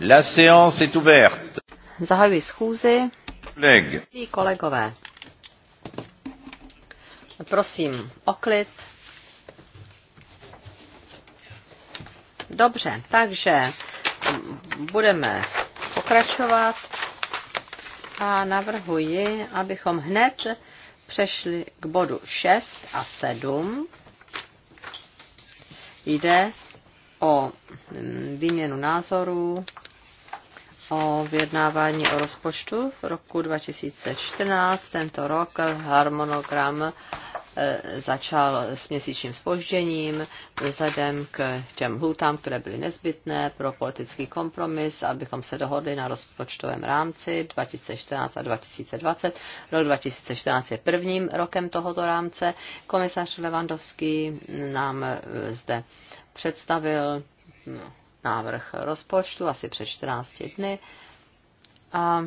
La séance est ouverte. Zahajuji schůzi. Leg. Kolegové. Prosím oklid. Dobře, takže budeme pokračovat a navrhuji, abychom hned přešli k bodu 6 a 7 Jde o mm, výměnu názorů, o vyjednávání o rozpočtu v roku 2014, tento rok harmonogram Eh, začal s měsíčním spožděním vzhledem k těm hlutám, které byly nezbytné pro politický kompromis, abychom se dohodli na rozpočtovém rámci 2014 a 2020. Rok 2014 je prvním rokem tohoto rámce. Komisař Levandovský nám eh, zde představil no, návrh rozpočtu asi před 14 dny. A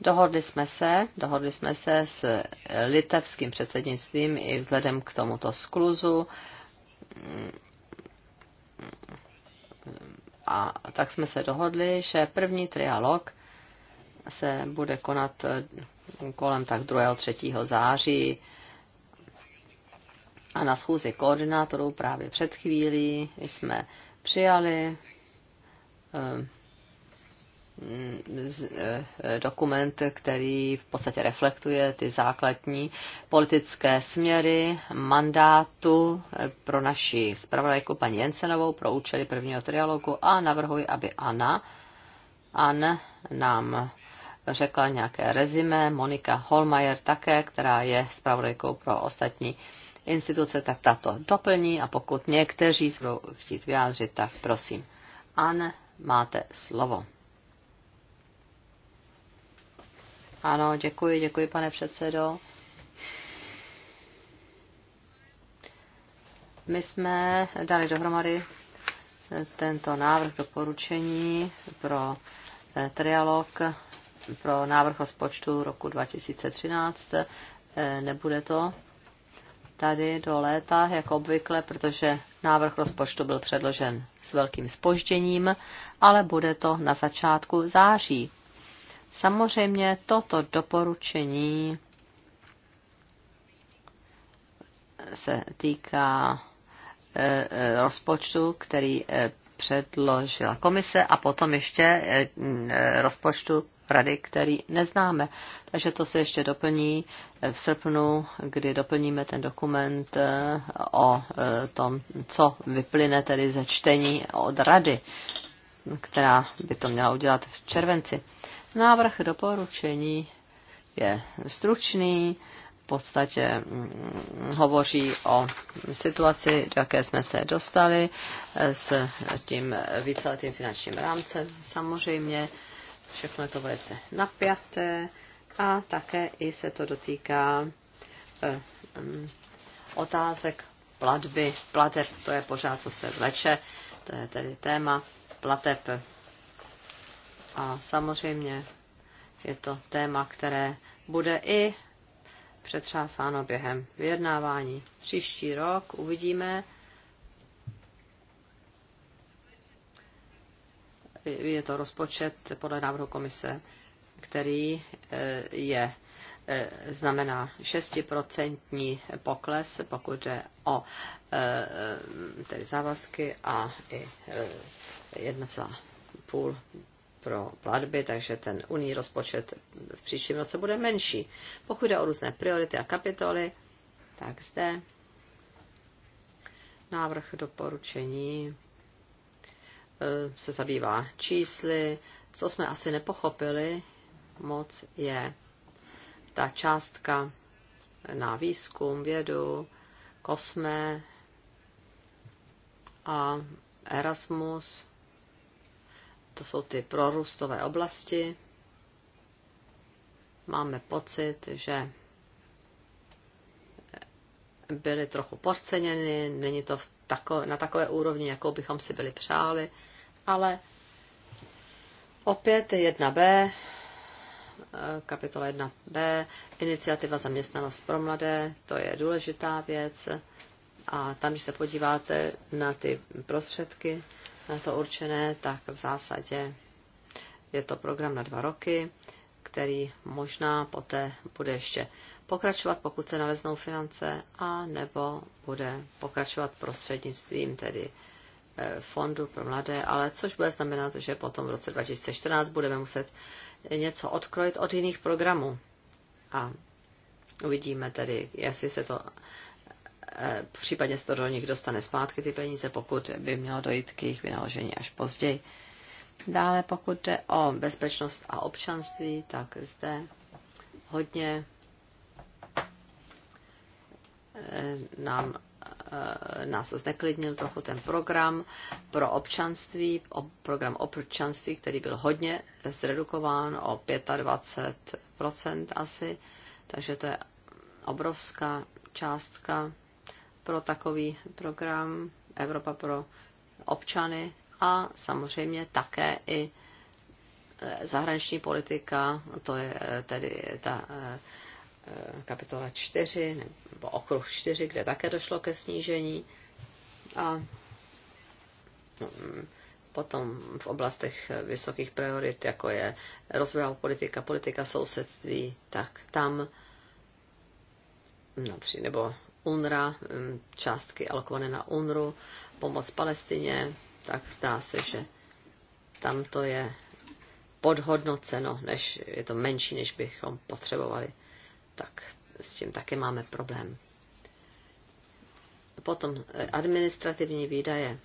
Dohodli jsme se, dohodli jsme se s litevským předsednictvím i vzhledem k tomuto skluzu. A tak jsme se dohodli, že první trialog se bude konat kolem tak 2. 3. září a na schůzi koordinátorů právě před chvílí jsme přijali eh, Mm, eh, eh, dokument, který v podstatě reflektuje ty základní politické směry mandátu eh, pro naši zpravodajku paní Jensenovou pro účely prvního trialogu a navrhuji, aby Anna An nám řekla nějaké rezime, Monika Holmajer také, která je zpravodajkou pro ostatní instituce, tak tato doplní a pokud někteří budou chtít vyjádřit, tak prosím. An, máte slovo. Ano, děkuji, děkuji, pane předsedo. My jsme dali dohromady tento návrh doporučení pro eh, trialog pro návrh rozpočtu roku 2013. Eh, nebude to tady do léta, jako obvykle, protože návrh rozpočtu byl předložen s velkým spožděním, ale bude to na začátku září. Samozřejmě toto doporučení se týká e, e, rozpočtu, který e, předložila komise a potom ještě rozpočtu rady, který neznáme. Takže to se ještě doplní v srpnu, kdy doplníme ten dokument o tom, co vyplyne tedy ze čtení od rady, která by to měla udělat v červenci. Návrh doporučení je stručný, v podstatě mm, hovoří o situaci, do jaké jsme se dostali eh, s tím víceletým finančním rámcem. Samozřejmě všechno je to velice napjaté a také i se to dotýká eh, mm, otázek platby, plateb, to je pořád, co se vleče, to je tedy téma plateb a samozřejmě je to téma, které bude i přetřásáno během vyjednávání. Příští rok uvidíme, je to rozpočet podle návrhu komise, který eh, je eh, znamená 6% pokles, pokud jde o eh, tedy závazky a i 1,5 pro platby, takže ten unijní rozpočet v příštím roce bude menší. Pokud jde o různé priority a kapitoly, tak zde návrh doporučení eh, se zabývá čísly. Co jsme asi nepochopili moc je ta částka na výzkum, vědu, kosme a Erasmus to jsou ty prorůstové oblasti. Máme pocit, že byly trochu porceněny, není to tako, na takové úrovni, jakou bychom si byli přáli, ale opět 1b, kapitola 1b, iniciativa zaměstnanost pro mladé, to je důležitá věc. A tam, když se podíváte na ty prostředky, na to určené, tak v zásadě je to program na dva roky, který možná poté bude ještě pokračovat, pokud se naleznou finance, a nebo bude pokračovat prostřednictvím tedy eh, fondu pro mladé, ale což bude znamenat, že potom v roce 2014 budeme muset něco odkrojit od jiných programů. A uvidíme tedy, jestli se to v případě se to do nich dostane zpátky ty peníze, pokud by mělo dojít k jejich vynaložení až později. Dále, pokud jde o bezpečnost a občanství, tak zde hodně eh, nám, eh, nás zneklidnil trochu ten program pro občanství, program občanství, který byl hodně zredukován o 25% asi, takže to je obrovská částka pro takový program Evropa pro občany a samozřejmě také i e, zahraniční politika, to je e, tedy ta e, kapitola 4 nebo okruh 4, kde také došlo ke snížení. A mm, potom v oblastech vysokých priorit, jako je rozvojová politika, politika sousedství, tak tam například, no, nebo UNRA, hm, částky alokované na UNRU, pomoc Palestině, tak zdá se, že tam to je podhodnoceno, než je to menší, než bychom potřebovali. Tak s tím také máme problém. Potom eh, administrativní výdaje.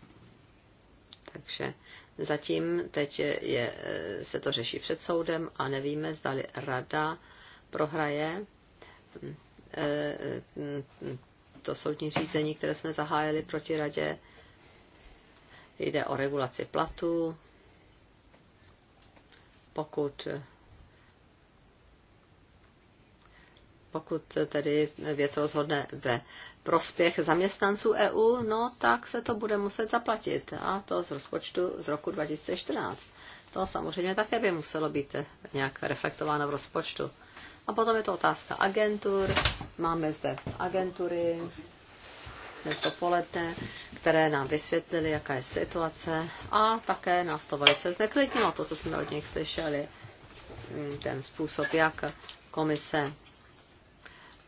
Takže zatím teď je, eh, se to řeší před soudem a nevíme, zdali rada prohraje hm, eh, hm, to soudní řízení, které jsme zahájili proti radě. Jde o regulaci platu. Pokud pokud tedy věc rozhodne ve prospěch zaměstnanců EU, no tak se to bude muset zaplatit. A to z rozpočtu z roku 2014. To samozřejmě také by muselo být nějak reflektováno v rozpočtu. A potom je to otázka agentur. Máme zde agentury dnes dopoledne, které nám vysvětlili, jaká je situace a také nás to velice zneklidnilo, to, co jsme od nich slyšeli, mm, ten způsob, jak komise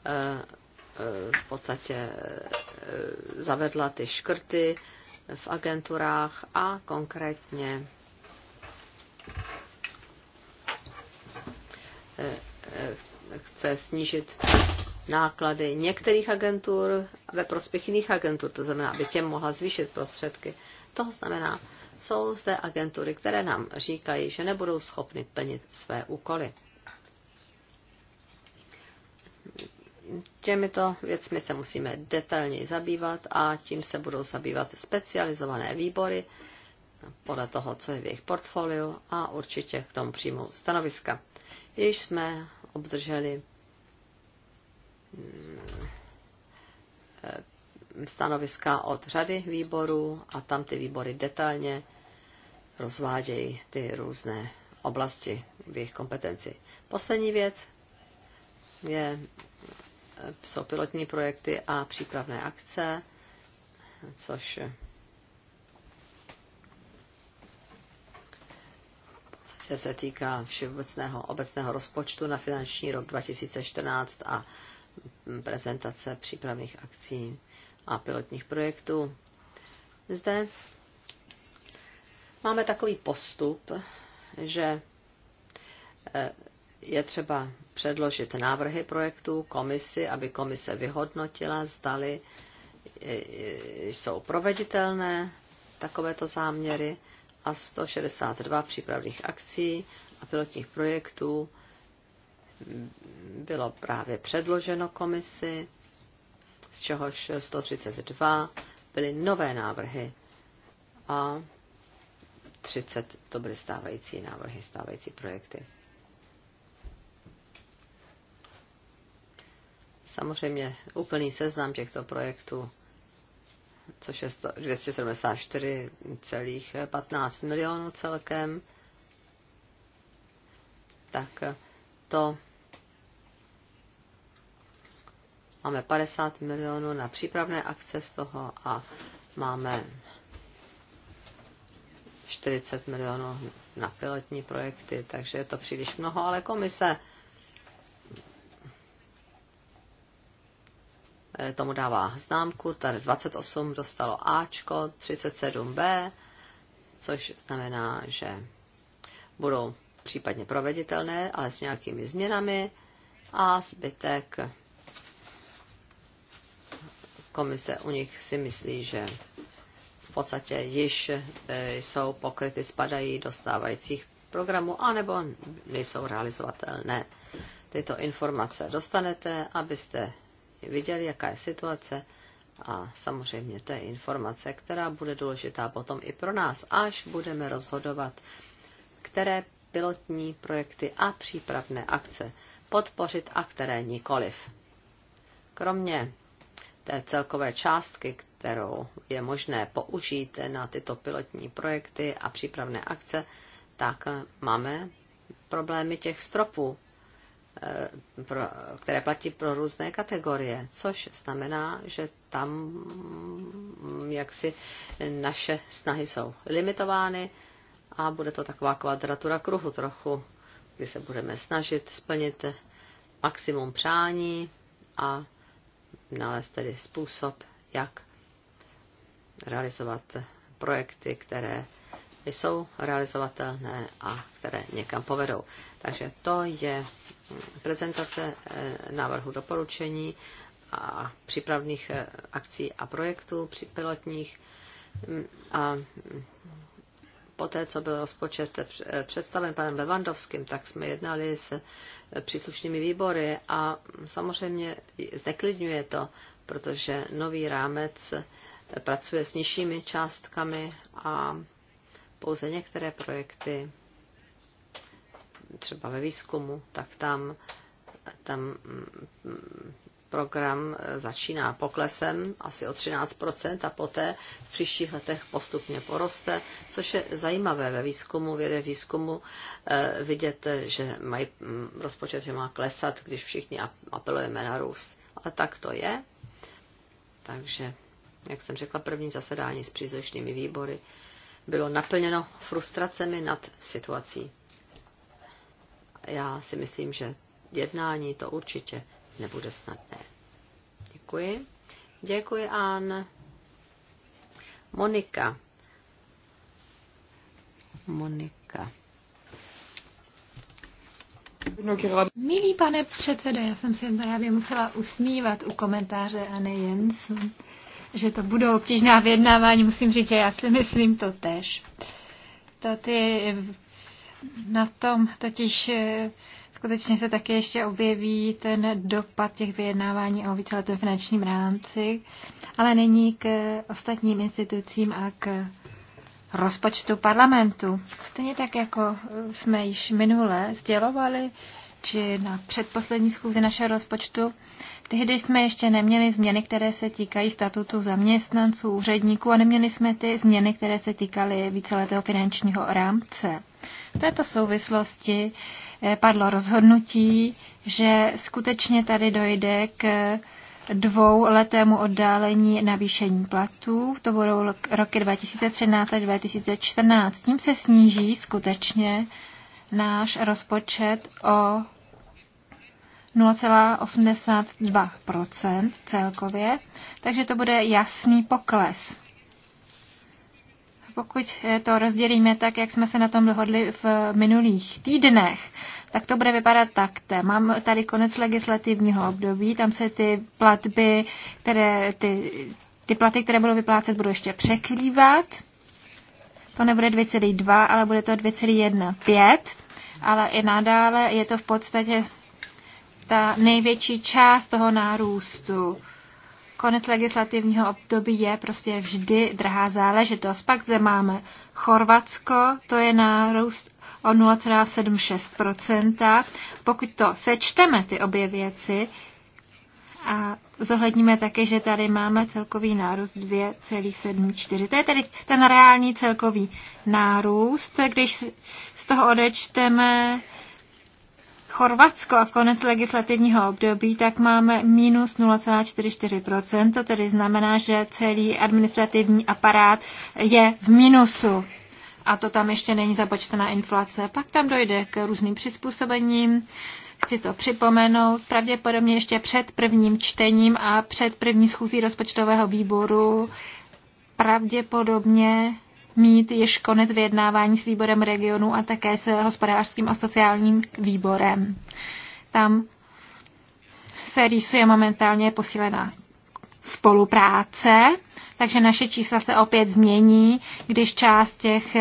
eh, eh, v podstatě eh, zavedla ty škrty v agenturách a konkrétně chce snížit náklady některých agentur ve prospěch jiných agentur, to znamená, aby těm mohla zvýšit prostředky. To znamená, jsou zde agentury, které nám říkají, že nebudou schopny plnit své úkoly. Těmito věcmi se musíme detailně zabývat a tím se budou zabývat specializované výbory podle toho, co je v jejich portfoliu a určitě k tomu přijmou stanoviska. Již jsme obdrželi Eh, stanoviska od řady výborů a tam ty výbory detailně rozvádějí ty různé oblasti v jejich kompetenci. Poslední věc je, eh, jsou pilotní projekty a přípravné akce, což se týká všeobecného obecného rozpočtu na finanční rok 2014 a prezentace přípravných akcí a pilotních projektů. Zde máme takový postup, že eh, je třeba předložit návrhy projektů komisi, aby komise vyhodnotila, zdali eh, eh, jsou proveditelné takovéto záměry a 162 přípravných akcí a pilotních projektů bylo právě předloženo komisi, z čehož 132 byly nové návrhy a 30 to byly stávající návrhy, stávající projekty. Samozřejmě úplný seznam těchto projektů, což je 274,15 milionů celkem, tak to máme 50 milionů na přípravné akce z toho a máme 40 milionů na pilotní projekty, takže je to příliš mnoho, ale komise eh, tomu dává známku, tady 28 dostalo Ačko, 37B, což znamená, že budou případně proveditelné, ale s nějakými změnami a zbytek komise u nich si myslí, že v podstatě již eh, jsou pokryty, spadají do stávajících programů, anebo nejsou realizovatelné. Tyto informace dostanete, abyste viděli, jaká je situace. A samozřejmě to je informace, která bude důležitá potom i pro nás, až budeme rozhodovat, které pilotní projekty a přípravné akce, podpořit a které nikoliv. Kromě té celkové částky, kterou je možné použít na tyto pilotní projekty a přípravné akce, tak máme problémy těch stropů, eh, které platí pro různé kategorie, což znamená, že tam mm, jaksi naše snahy jsou limitovány a bude to taková kvadratura kruhu trochu, kdy se budeme snažit splnit maximum přání a nalézt tedy způsob, jak realizovat projekty, které jsou realizovatelné a které někam povedou. Takže to je prezentace eh, návrhu doporučení a přípravných eh, akcí a projektů pilotních mm, a poté, co byl rozpočet e, představen panem Levandovským, tak jsme jednali s příslušnými výbory a samozřejmě zneklidňuje to, protože nový rámec pracuje s nižšími částkami a pouze některé projekty, třeba ve výzkumu, tak tam, tam program eh, začíná poklesem asi o 13% a poté v příštích letech postupně poroste, což je zajímavé ve výzkumu, věde výzkumu eh, vidět, že mají mm, rozpočet, že má klesat, když všichni apelujeme na růst. Ale tak to je. Takže, jak jsem řekla, první zasedání s příslušnými výbory bylo naplněno frustracemi nad situací. Já si myslím, že jednání to určitě nebude snadné. Děkuji. Děkuji, An. Monika. Monika. Milý pane předsedo, já jsem si právě musela usmívat u komentáře Anny Jensen, že to budou obtížná vyjednávání, musím říct, že já si myslím to tež. To ty na tom totiž skutečně se také ještě objeví ten dopad těch vyjednávání o víceletém finančním rámci, ale není k ostatním institucím a k rozpočtu parlamentu. Stejně tak, jako jsme již minule sdělovali, či na předposlední schůzi našeho rozpočtu, Tehdy jsme ještě neměli změny, které se týkají statutu zaměstnanců, úředníků a neměli jsme ty změny, které se týkaly víceletého finančního rámce. V této souvislosti eh, padlo rozhodnutí, že skutečně tady dojde k dvouletému oddálení navýšení platů. To budou roky 2013 až 2014. Tím se sníží skutečně náš rozpočet o 0,82 celkově, takže to bude jasný pokles. Pokud eh, to rozdělíme tak, jak jsme se na tom dohodli v eh, minulých týdnech, tak to bude vypadat takto. Mám tady konec legislativního období, tam se ty platby, které, ty, ty platy, které budou vyplácet, budou ještě překrývat. To nebude 2,2, ale bude to 2,15. Ale i nadále je to v podstatě ta největší část toho nárůstu. Konec legislativního období je prostě vždy drahá záležitost. Pak zde máme Chorvatsko, to je nárůst o 0,76%. Pokud to sečteme, ty obě věci, a zohledníme také, že tady máme celkový nárůst 2,74. To je tedy ten reální celkový nárůst. Když z toho odečteme Chorvatsko a konec legislativního období, tak máme minus 0,44%, to tedy znamená, že celý administrativní aparát je v minusu. A to tam ještě není započtená inflace. Pak tam dojde k různým přizpůsobením, chci to připomenout, pravděpodobně ještě před prvním čtením a před první schůzí rozpočtového výboru pravděpodobně mít již konec vyjednávání s výborem regionu a také s hospodářským a sociálním výborem. Tam se rýsuje momentálně posílená spolupráce, takže naše čísla se opět změní, když část těch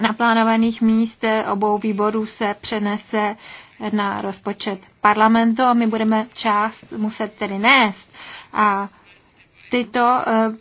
naplánovaných míst obou výborů se přenese na rozpočet parlamentu a my budeme část muset tedy nést. A Tyto eh,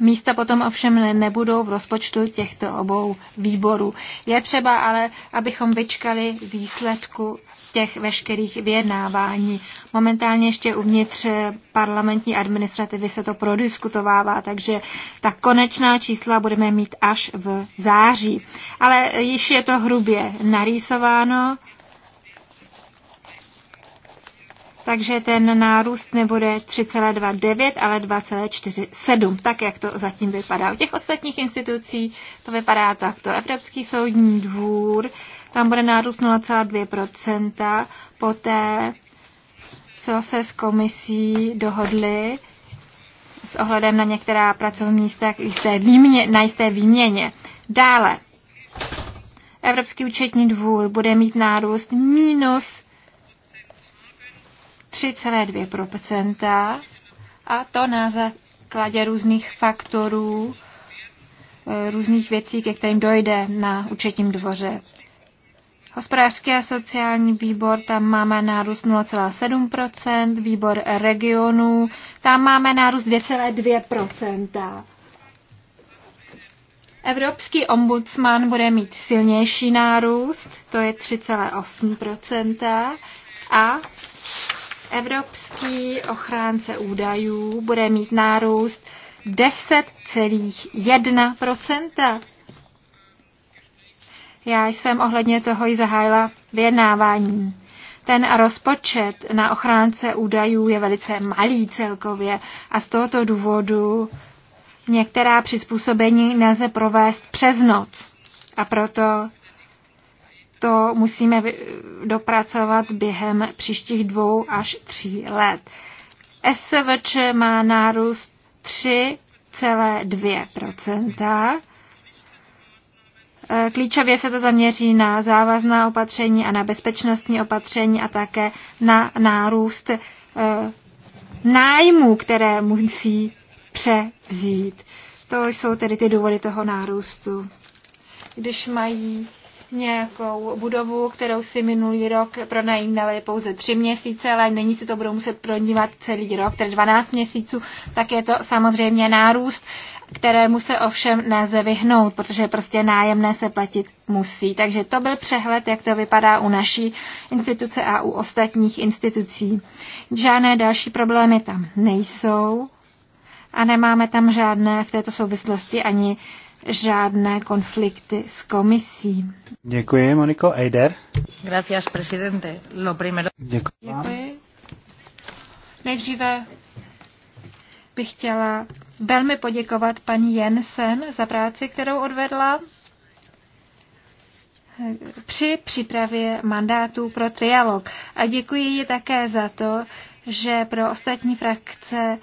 místa potom ovšem nebudou v rozpočtu těchto obou výborů. Je třeba ale, abychom vyčkali výsledku těch veškerých vyjednávání. Momentálně ještě uvnitř eh, parlamentní administrativy se to prodiskutovává, takže ta konečná čísla budeme mít až v září. Ale již je to hrubě narýsováno takže ten nárůst nebude 3,29, ale 2,47, tak jak to zatím vypadá. U těch ostatních institucí to vypadá takto. Evropský soudní dvůr, tam bude nárůst 0,2%, poté, co se s komisí dohodli s ohledem na některá pracovní místa jisté výměně, na jisté výměně. Dále, Evropský účetní dvůr bude mít nárůst minus 3,2 a to na základě různých faktorů, e, různých věcí, ke kterým dojde na účetním dvoře. Hospodářský a sociální výbor, tam máme nárůst 0,7%, výbor regionů, tam máme nárůst 2,2%. Evropský ombudsman bude mít silnější nárůst, to je 3,8%, a Evropský ochránce údajů bude mít nárůst 10,1 Já jsem ohledně toho i zahájila vyjednávání. Ten rozpočet na ochránce údajů je velice malý celkově a z tohoto důvodu některá přizpůsobení nelze provést přes noc. A proto to musíme dopracovat během příštích dvou až tří let. SVČ má nárůst 3,2 e, Klíčově se to zaměří na závazná opatření a na bezpečnostní opatření a také na nárůst e, nájmu, které musí převzít. To jsou tedy ty důvody toho nárůstu. Když mají nějakou budovu, kterou si minulý rok pronajímali pouze tři měsíce, ale není si to budou muset pronívat celý rok, tedy 12 měsíců, tak je to samozřejmě nárůst, kterému se ovšem nelze vyhnout, protože prostě nájemné se platit musí. Takže to byl přehled, jak to vypadá u naší instituce a u ostatních institucí. Žádné další problémy tam nejsou a nemáme tam žádné v této souvislosti ani žádné konflikty s komisí. Děkuji, Moniko. Eider? Gracias, presidente. Lo primero... Děkuji. Děkuji. Nejdříve bych chtěla velmi poděkovat paní Jensen za práci, kterou odvedla při přípravě mandátů pro trialog. A děkuji ji také za to, že pro ostatní frakce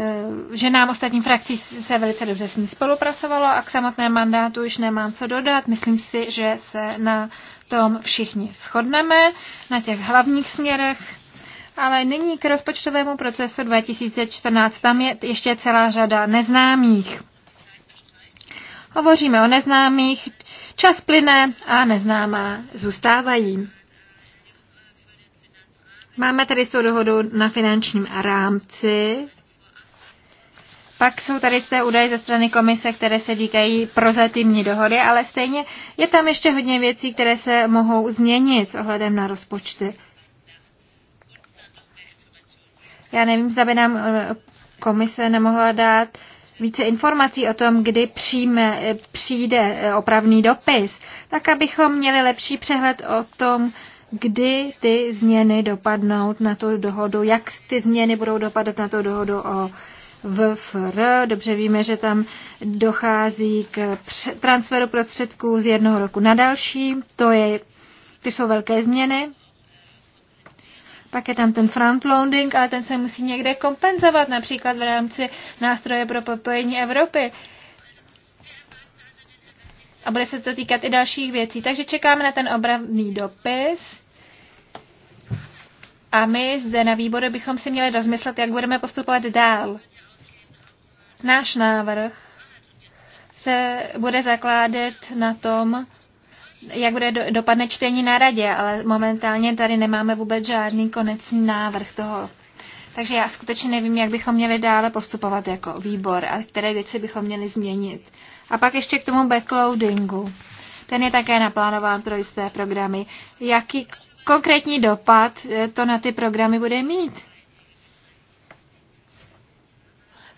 Eh, že nám ostatní frakcí se velice dobře s ní spolupracovalo a k samotné mandátu už nemám co dodat. Myslím si, že se na tom všichni shodneme, na těch hlavních směrech. Ale nyní k rozpočtovému procesu 2014. Tam je ještě celá řada neznámých. Hovoříme o neznámých, čas plyne a neznámá zůstávají. Máme tady s tou dohodu na finančním rámci, pak jsou tady zde údaje ze strany komise, které se týkají prozatímní dohody, ale stejně je tam ještě hodně věcí, které se mohou změnit s ohledem na rozpočty. Já nevím, zda by nám eh, komise nemohla dát více informací o tom, kdy přijme, eh, přijde eh, opravný dopis, tak abychom měli lepší přehled o tom, kdy ty změny dopadnou na tu dohodu, jak ty změny budou dopadat na tu dohodu o VFR. Dobře víme, že tam dochází k transferu prostředků z jednoho roku na další. To je, to jsou velké změny. Pak je tam ten frontloading, ale ten se musí někde kompenzovat, například v rámci nástroje pro propojení Evropy. A bude se to týkat i dalších věcí. Takže čekáme na ten obravný dopis. A my zde na výboru bychom si měli rozmyslet, jak budeme postupovat dál. Náš návrh se bude zakládat na tom, jak bude do, dopadne čtení na radě, ale momentálně tady nemáme vůbec žádný konecný návrh toho. Takže já skutečně nevím, jak bychom měli dále postupovat jako výbor a které věci bychom měli změnit. A pak ještě k tomu backloadingu. Ten je také naplánován pro jisté programy. Jaký konkrétní dopad eh, to na ty programy bude mít?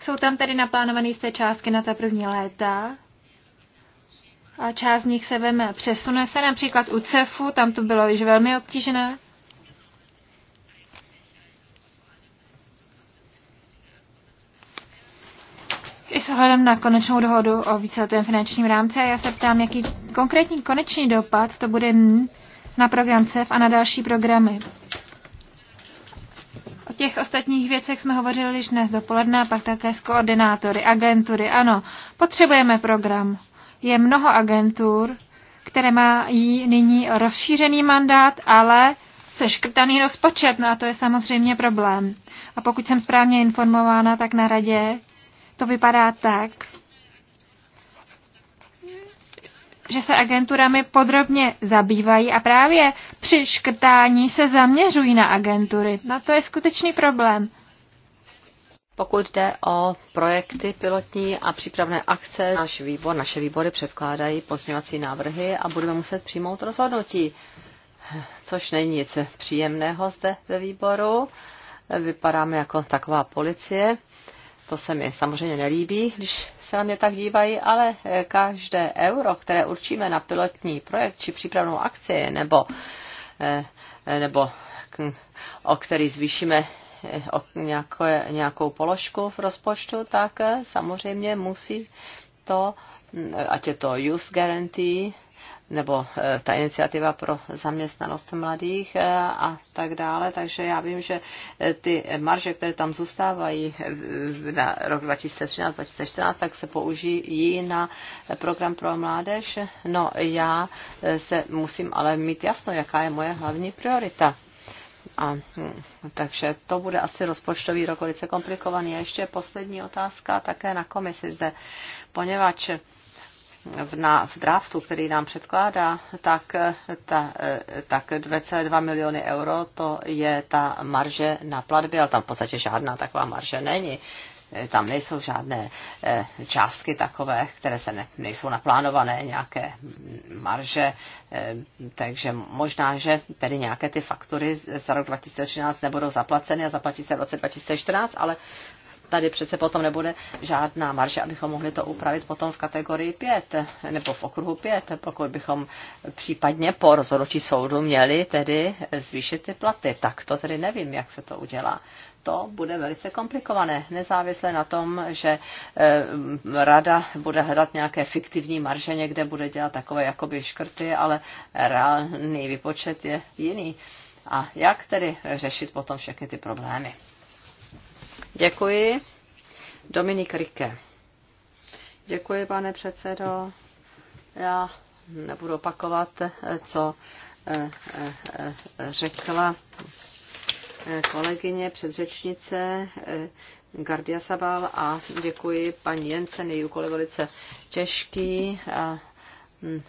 Jsou tam tedy naplánované jisté částky na ta první léta a část z nich se veme. Přesune se například u CEFu, tam to bylo již velmi obtížné. I s ohledem na konečnou dohodu o víceletém finančním rámci a já se ptám, jaký konkrétní konečný dopad to bude mít na program CEF a na další programy těch ostatních věcech jsme hovořili již dnes dopoledne a pak také s koordinátory, agentury. Ano, potřebujeme program. Je mnoho agentur, které mají nyní rozšířený mandát, ale seškrtaný rozpočet, no a to je samozřejmě problém. A pokud jsem správně informována, tak na radě to vypadá tak, že se agenturami podrobně zabývají a právě při škrtání se zaměřují na agentury. Na to je skutečný problém. Pokud jde o projekty pilotní a přípravné akce, náš výbor, naše výbory předkládají pozměňovací návrhy a budeme muset přijmout rozhodnutí, což není nic příjemného zde ve výboru. Vypadáme jako taková policie to se mi samozřejmě nelíbí, když se na mě tak dívají, ale eh, každé euro, které určíme na pilotní projekt či přípravnou akci, nebo, eh, nebo o který zvýšíme eh, nějaké, nějakou položku v rozpočtu, tak samozřejmě musí to, hm, ať je to use Guarantee, nebo eh, ta iniciativa pro zaměstnanost mladých eh, a tak dále. Takže já vím, že eh, ty marže, které tam zůstávají na rok 2013-2014, tak se použijí na program pro mládež. No já se musím ale mít jasno, jaká je moje hlavní priorita. A, hm, takže to bude asi rozpočtový rok velice komplikovaný. A ještě poslední otázka také na komisi zde, poněvadž v, na, v draftu, který nám předkládá, tak, ta, tak 2,2 miliony euro to je ta marže na platby, ale tam v podstatě žádná taková marže není. Tam nejsou žádné eh, částky takové, které se ne, nejsou naplánované, nějaké marže, eh, takže možná, že tedy nějaké ty faktury za rok 2013 nebudou zaplaceny a zaplatí se v roce 2014, ale tady přece potom nebude žádná marže, abychom mohli to upravit potom v kategorii 5 nebo v okruhu 5, pokud bychom případně po rozhodnutí soudu měli tedy zvýšit ty platy. Tak to tedy nevím, jak se to udělá to bude velice komplikované, nezávisle na tom, že eh, rada bude hledat nějaké fiktivní marže, někde bude dělat takové jakoby škrty, ale reálný výpočet je jiný. A jak tedy řešit potom všechny ty problémy? Děkuji. Dominik Rike. Děkuji, pane předsedo. Já nebudu opakovat, co eh, eh, eh, řekla kolegyně, předřečnice Gardia Sabal a děkuji paní Jensen, její úkol je velice těžký. A hm,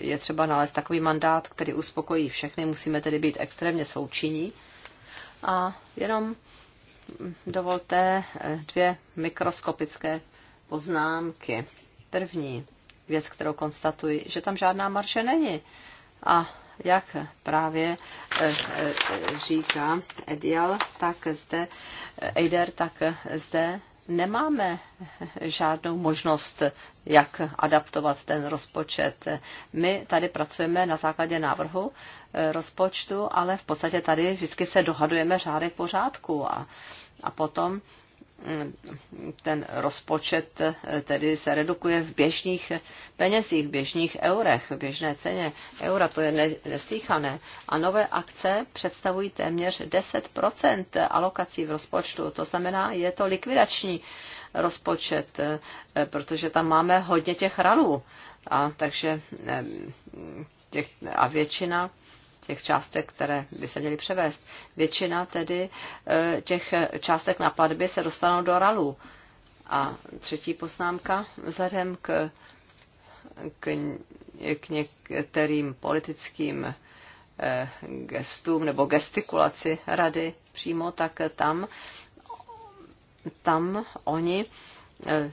je třeba nalézt takový mandát, který uspokojí všechny, musíme tedy být extrémně součinní. A jenom dovolte eh, dvě mikroskopické poznámky. První věc, kterou konstatuji, že tam žádná marše není. A jak právě eh, eh, říká Edial, tak zde, Eider, tak zde nemáme žádnou možnost, jak adaptovat ten rozpočet. My tady pracujeme na základě návrhu eh, rozpočtu, ale v podstatě tady vždycky se dohadujeme řádek pořádku a, a potom ten rozpočet eh, tedy se redukuje v běžných penězích, v běžných eurech, v běžné ceně eura, to je ne, neslíchané. A nové akce představují téměř 10% alokací v rozpočtu, to znamená, je to likvidační rozpočet, eh, protože tam máme hodně těch ralů. A takže eh, těch, a většina těch částek, které by se měly převést. Většina tedy e, těch částek na platby se dostanou do RALu. A třetí poznámka, vzhledem k, k, k některým politickým e, gestům nebo gestikulaci rady přímo, tak tam, tam oni e,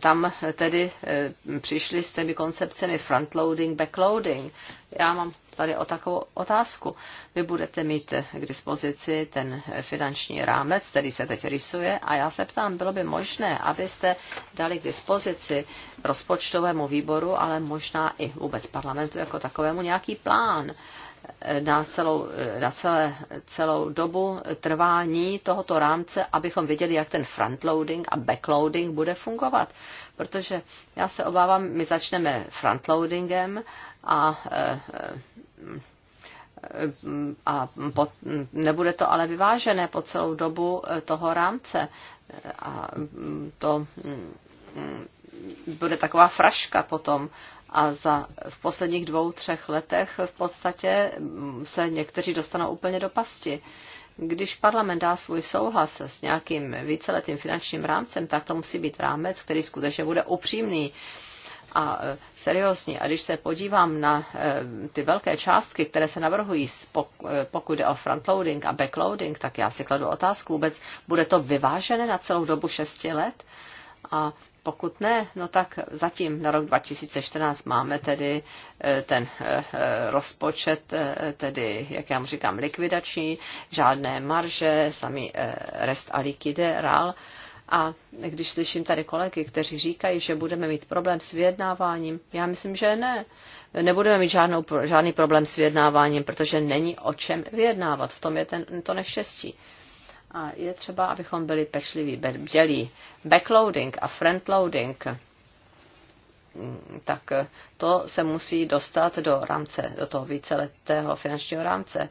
tam tedy eh, přišli s těmi koncepcemi frontloading, backloading. Já mám tady o takovou otázku. Vy budete mít eh, k dispozici ten eh, finanční rámec, který se teď rysuje a já se ptám, bylo by možné, abyste dali k dispozici rozpočtovému výboru, ale možná i vůbec parlamentu jako takovému nějaký plán, na, celou, na celé, celou dobu trvání tohoto rámce, abychom viděli, jak ten frontloading a backloading bude fungovat. Protože já se obávám, my začneme frontloadingem a, eh, eh, eh, a pot, nebude to ale vyvážené po celou dobu toho rámce. A mm, to mm, bude taková fraška potom. A za, v posledních dvou, třech letech v podstatě mm, se někteří dostanou úplně do pasti. Když parlament dá svůj souhlas s nějakým víceletým finančním rámcem, tak to musí být rámec, který skutečně bude upřímný a e, seriózní. A když se podívám na e, ty velké částky, které se navrhují, e, pokud jde o frontloading a backloading, tak já si kladu otázku vůbec, bude to vyvážené na celou dobu šesti let? A pokud ne, no tak zatím na rok 2014 máme tedy eh, ten eh, eh, rozpočet, tedy, jak já mu říkám, likvidační, žádné marže, samý rest a liquideral. A když slyším tady kolegy, kteří říkají, že budeme mít problém s vyjednáváním, já myslím, že ne. Nebudeme mít žádnou, žádný problém s vyjednáváním, protože není o čem vyjednávat. V tom je ten, to neštěstí. A je třeba, abychom byli pečliví, bdělí. Backloading a frontloading, tak to se musí dostat do rámce, do toho víceletého finančního rámce.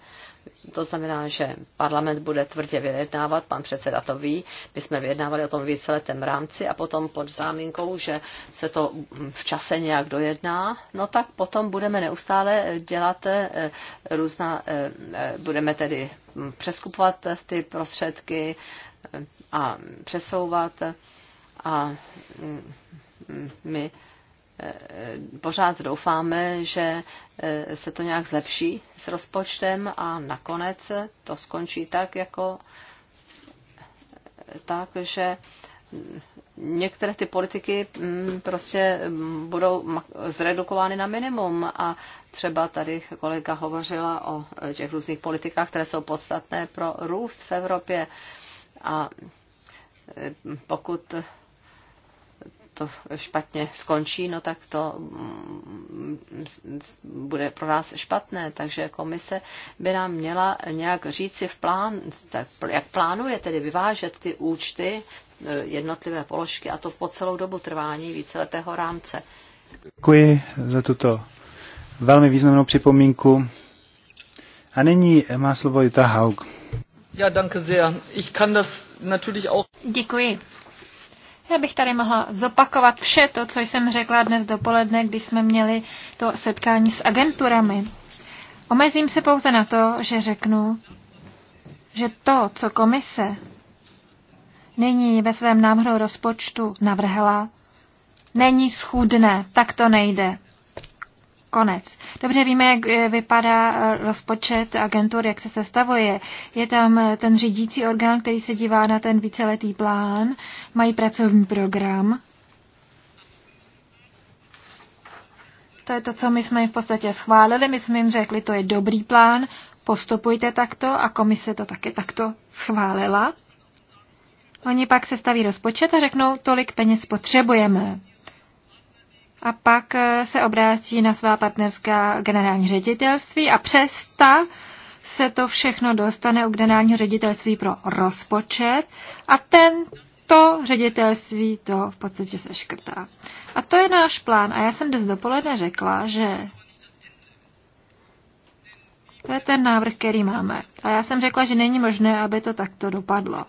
To znamená, že parlament bude tvrdě vyjednávat, pan předseda to ví, my jsme vyjednávali o tom víceletém rámci a potom pod záminkou, že se to v čase nějak dojedná, no tak potom budeme neustále dělat eh, různá, eh, eh, budeme tedy hm, přeskupovat ty prostředky a přesouvat a hm, hm, my Eh, pořád doufáme, že eh, se to nějak zlepší s rozpočtem a nakonec to skončí tak, jako eh, tak, že některé ty politiky mm, prostě budou zredukovány na minimum a třeba tady kolega hovořila o těch různých politikách, které jsou podstatné pro růst v Evropě a pokud to špatně skončí, no tak to mm, bude pro nás špatné. Takže komise by nám měla nějak říci v plán, jak plánuje tedy vyvážet ty účty, e, jednotlivé položky a to po celou dobu trvání víceletého rámce. Děkuji za tuto velmi významnou připomínku. A nyní má slovo Jutta Haug. Ja, danke sehr. Ich kann das natürlich auch... Děkuji. Já bych tady mohla zopakovat vše to, co jsem řekla dnes dopoledne, když jsme měli to setkání s agenturami. Omezím se pouze na to, že řeknu, že to, co komise nyní ve svém návrhu rozpočtu navrhla, není schůdné, tak to nejde konec. Dobře víme, jak eh, vypadá eh, rozpočet agentur, jak se sestavuje. Je tam eh, ten řídící orgán, který se dívá na ten víceletý plán, mají pracovní program. To je to, co my jsme v podstatě schválili. My jsme jim řekli, to je dobrý plán, postupujte takto a komise to také takto schválila. Oni pak sestaví rozpočet a řeknou, tolik peněz potřebujeme a pak eh, se obrátí na svá partnerská generální ředitelství a přes ta se to všechno dostane u generálního ředitelství pro rozpočet a tento ředitelství to v podstatě seškrtá. A to je náš plán. A já jsem dnes dopoledne řekla, že to je ten návrh, který máme. A já jsem řekla, že není možné, aby to takto dopadlo.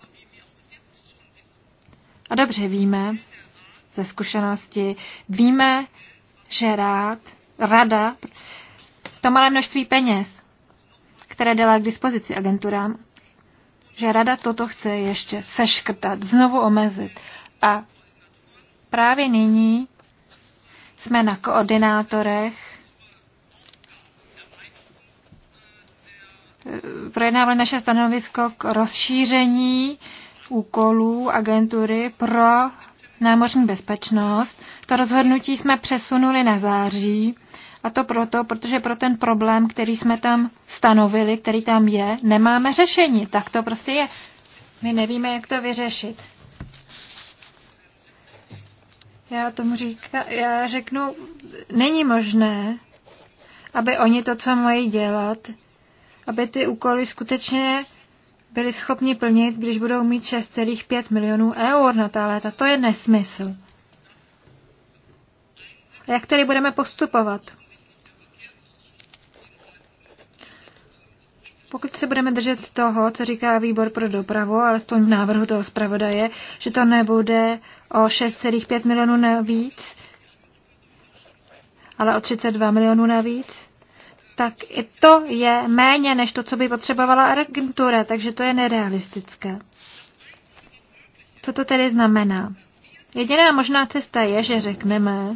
A dobře víme, ze zkušenosti víme, že rád, rada to malé množství peněz, které dala k dispozici agenturám, že rada toto chce ještě seškrtat, znovu omezit. A právě nyní jsme na koordinátorech eh, projednávali naše stanovisko k rozšíření úkolů agentury pro námořní bezpečnost. To rozhodnutí jsme přesunuli na září. A to proto, protože pro ten problém, který jsme tam stanovili, který tam je, nemáme řešení. Tak to prostě je. My nevíme, jak to vyřešit. Já tomu říkám, já řeknu, není možné, aby oni to, co mají dělat, aby ty úkoly skutečně byli schopni plnit, když budou mít 6,5 milionů eur na no ta léta. To je nesmysl. jak tedy budeme postupovat? Pokud se budeme držet toho, co říká výbor pro dopravu, alespoň v návrhu toho zpravodaje, že to nebude o 6,5 milionů navíc, ale o 32 milionů navíc, tak i to je méně než to, co by potřebovala agentura, takže to je nerealistické. Co to tedy znamená? Jediná možná cesta je, že řekneme,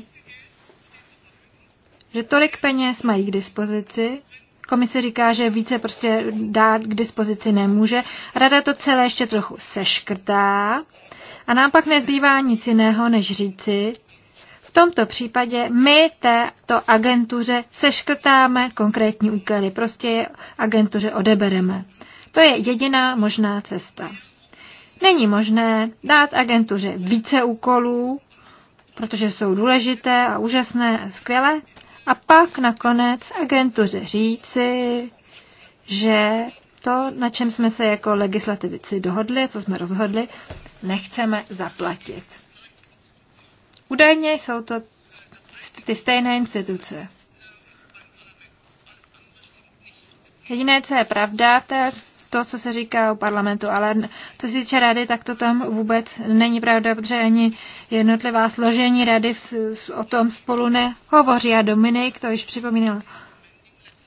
že tolik peněz mají k dispozici, komise říká, že více prostě dát k dispozici nemůže, rada to celé ještě trochu seškrtá a nám pak nezbývá nic jiného, než říci, tomto případě my této agentuře seškrtáme konkrétní úkoly, prostě je agentuře odebereme. To je jediná možná cesta. Není možné dát agentuře více úkolů, protože jsou důležité a úžasné a skvělé, a pak nakonec agentuře říci, že to, na čem jsme se jako legislativici dohodli, co jsme rozhodli, nechceme zaplatit. Údajně jsou to ty stejné instituce. Jediné, co je pravda, to je to, co se říká o parlamentu, ale co se týče rady, tak to tam vůbec není pravda, protože ani jednotlivá složení rady o tom spolu nehovoří. A Dominik to již připomínal.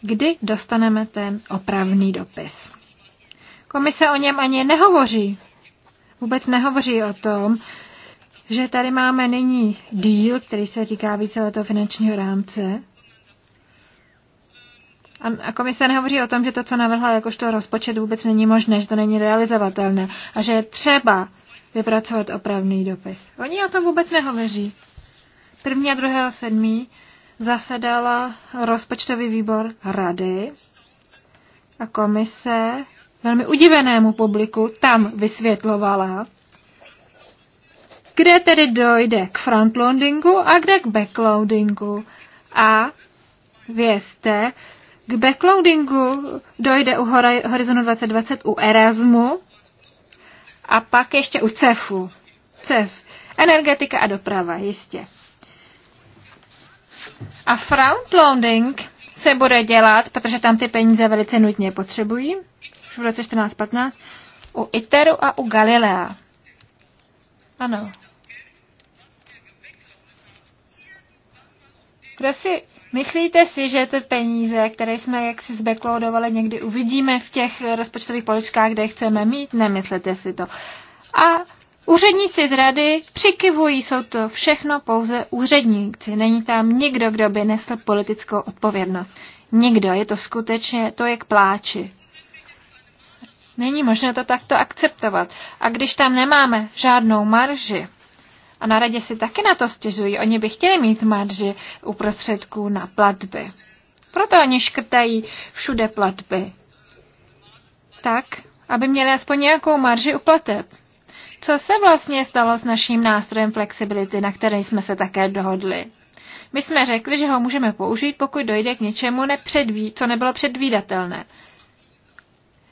Kdy dostaneme ten opravný dopis? Komise o něm ani nehovoří. Vůbec nehovoří o tom, že tady máme nyní díl, který se týká víceletého finančního rámce. A komise nehovoří o tom, že to, co navrhla jakožto rozpočet, vůbec není možné, že to není realizovatelné a že je třeba vypracovat opravný dopis. Oni o tom vůbec nehovoří. 1. a 2. sedmí zasedala rozpočtový výbor rady a komise velmi udivenému publiku tam vysvětlovala, kde tedy dojde k frontloadingu a kde k backloadingu. A vězte, k backloadingu dojde u Horizonu 2020 u Erasmu a pak ještě u CEFu. CEF. Energetika a doprava, jistě. A frontloading se bude dělat, protože tam ty peníze velice nutně potřebují, už v roce 14-15, u ITERu a u Galilea. Ano. Kdo si, myslíte si, že ty peníze, které jsme jaksi zbackloadovali, někdy uvidíme v těch rozpočtových poličkách, kde je chceme mít? Nemyslete si to. A úředníci z rady přikivují, jsou to všechno pouze úředníci. Není tam nikdo, kdo by nesl politickou odpovědnost. Nikdo. Je to skutečně, to jak pláči. Není možné to takto akceptovat. A když tam nemáme žádnou marži, a na radě si taky na to stěžují. Oni by chtěli mít marži u prostředků na platby. Proto oni škrtají všude platby. Tak, aby měli aspoň nějakou marži u plateb. Co se vlastně stalo s naším nástrojem flexibility, na který jsme se také dohodli? My jsme řekli, že ho můžeme použít, pokud dojde k něčemu, nepředví, co nebylo předvídatelné.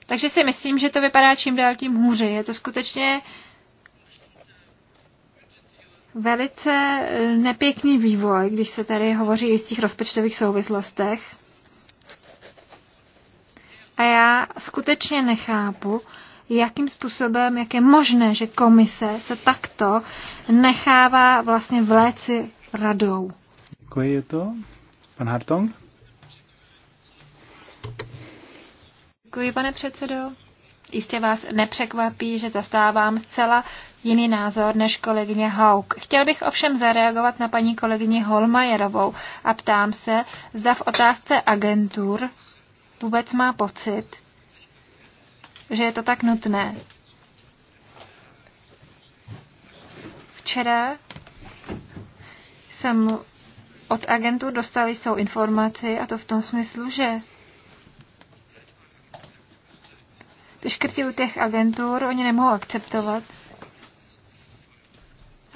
Takže si myslím, že to vypadá čím dál tím hůře. Je to skutečně velice eh, nepěkný vývoj, když se tady hovoří o jistých rozpočtových souvislostech. A já skutečně nechápu, jakým způsobem, jak je možné, že komise se takto nechává vlastně vléci radou. Děkuji, je to. Pan Hartong? Děkuji, pane předsedo. Jistě vás nepřekvapí, že zastávám zcela jiný názor než kolegyně Hauk. Chtěl bych ovšem zareagovat na paní kolegyni Holmajerovou a ptám se, zda v otázce agentur vůbec má pocit, že je to tak nutné. Včera jsem od agentů dostali jsou informaci, a to v tom smyslu, že ty škrty u těch agentur oni nemohou akceptovat.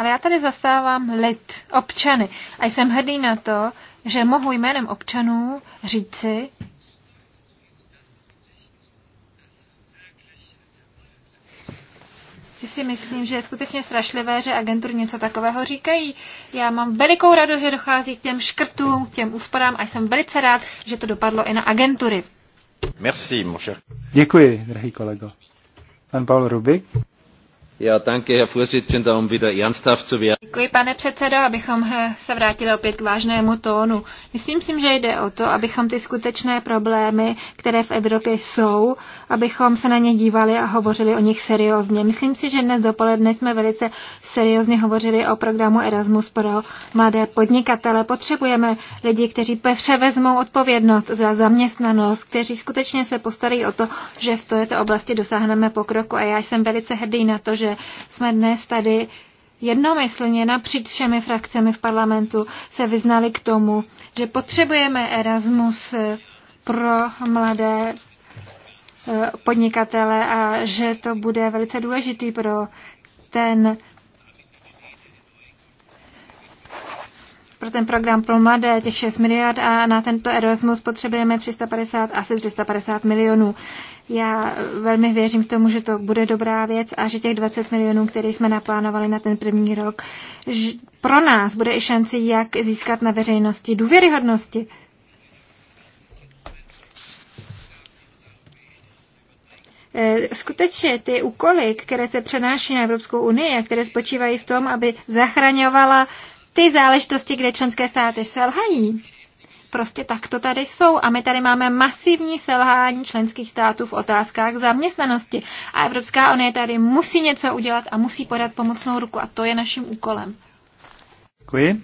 Ale já tady zastávám lid, občany. A jsem hrdý na to, že mohu jménem občanů říci, že si myslím, že je skutečně strašlivé, že agentury něco takového říkají. Já mám velikou radost, že dochází k těm škrtům, k těm úsporám a jsem velice rád, že to dopadlo i na agentury. Merci, mon cher. Děkuji, drahý kolego. Pan Paul Rubik. Um Děkuji, pane předsedo, abychom eh, se vrátili opět k vážnému tónu. Myslím si, že jde o to, abychom ty skutečné problémy, které v Evropě jsou, abychom se na ně dívali a hovořili o nich seriózně. Myslím si, že dnes dopoledne jsme velice seriózně hovořili o programu Erasmus pro mladé podnikatele. Potřebujeme lidi, kteří převezmou odpovědnost za zaměstnanost, kteří skutečně se postarají o to, že v této oblasti dosáhneme pokroku. A já jsem velice hrdý na to, že že jsme dnes tady jednomyslně napříč všemi frakcemi v parlamentu se vyznali k tomu, že potřebujeme Erasmus eh, pro mladé eh, podnikatele a že to bude velice důležitý pro ten pro ten program pro mladé, těch 6 miliard a na tento Erasmus potřebujeme 350, asi 350 milionů. Já velmi věřím tomu, že to bude dobrá věc a že těch 20 milionů, které jsme naplánovali na ten první rok, pro nás bude i šance, jak získat na veřejnosti důvěryhodnosti. E, skutečně ty úkoly, které se přenáší na Evropskou unii a které spočívají v tom, aby zachraňovala ty záležitosti, kde členské státy selhají, prostě takto tady jsou. A my tady máme masivní selhání členských států v otázkách zaměstnanosti. A Evropská unie tady musí něco udělat a musí podat pomocnou ruku. A to je naším úkolem. Děkuji.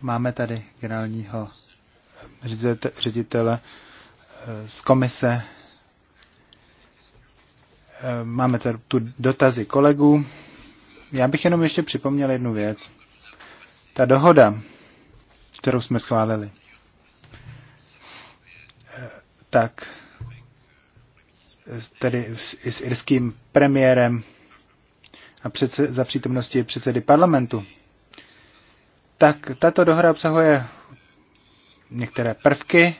Máme tady generálního ředitele eh, z komise. Eh, máme tady tu dotazy kolegů. Já bych jenom ještě připomněl jednu věc. Ta dohoda kterou jsme schválili, eh, tak tedy s, s irským premiérem a přece, za přítomnosti předsedy parlamentu, tak tato dohoda obsahuje některé prvky,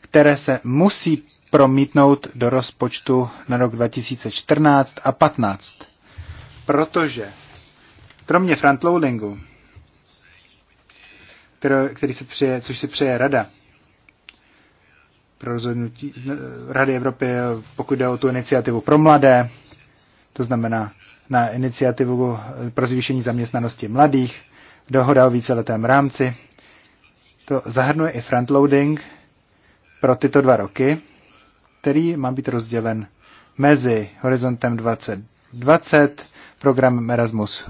které se musí promítnout do rozpočtu na rok 2014 a 15. Protože kromě frontloadingu který si přeje, což si přeje Rada pro rozhodnutí Rady Evropy, pokud jde o tu iniciativu pro mladé, to znamená na iniciativu pro zvýšení zaměstnanosti mladých, dohoda o víceletém rámci. To zahrnuje i frontloading pro tyto dva roky, který má být rozdělen mezi horizontem 2020, programem Erasmus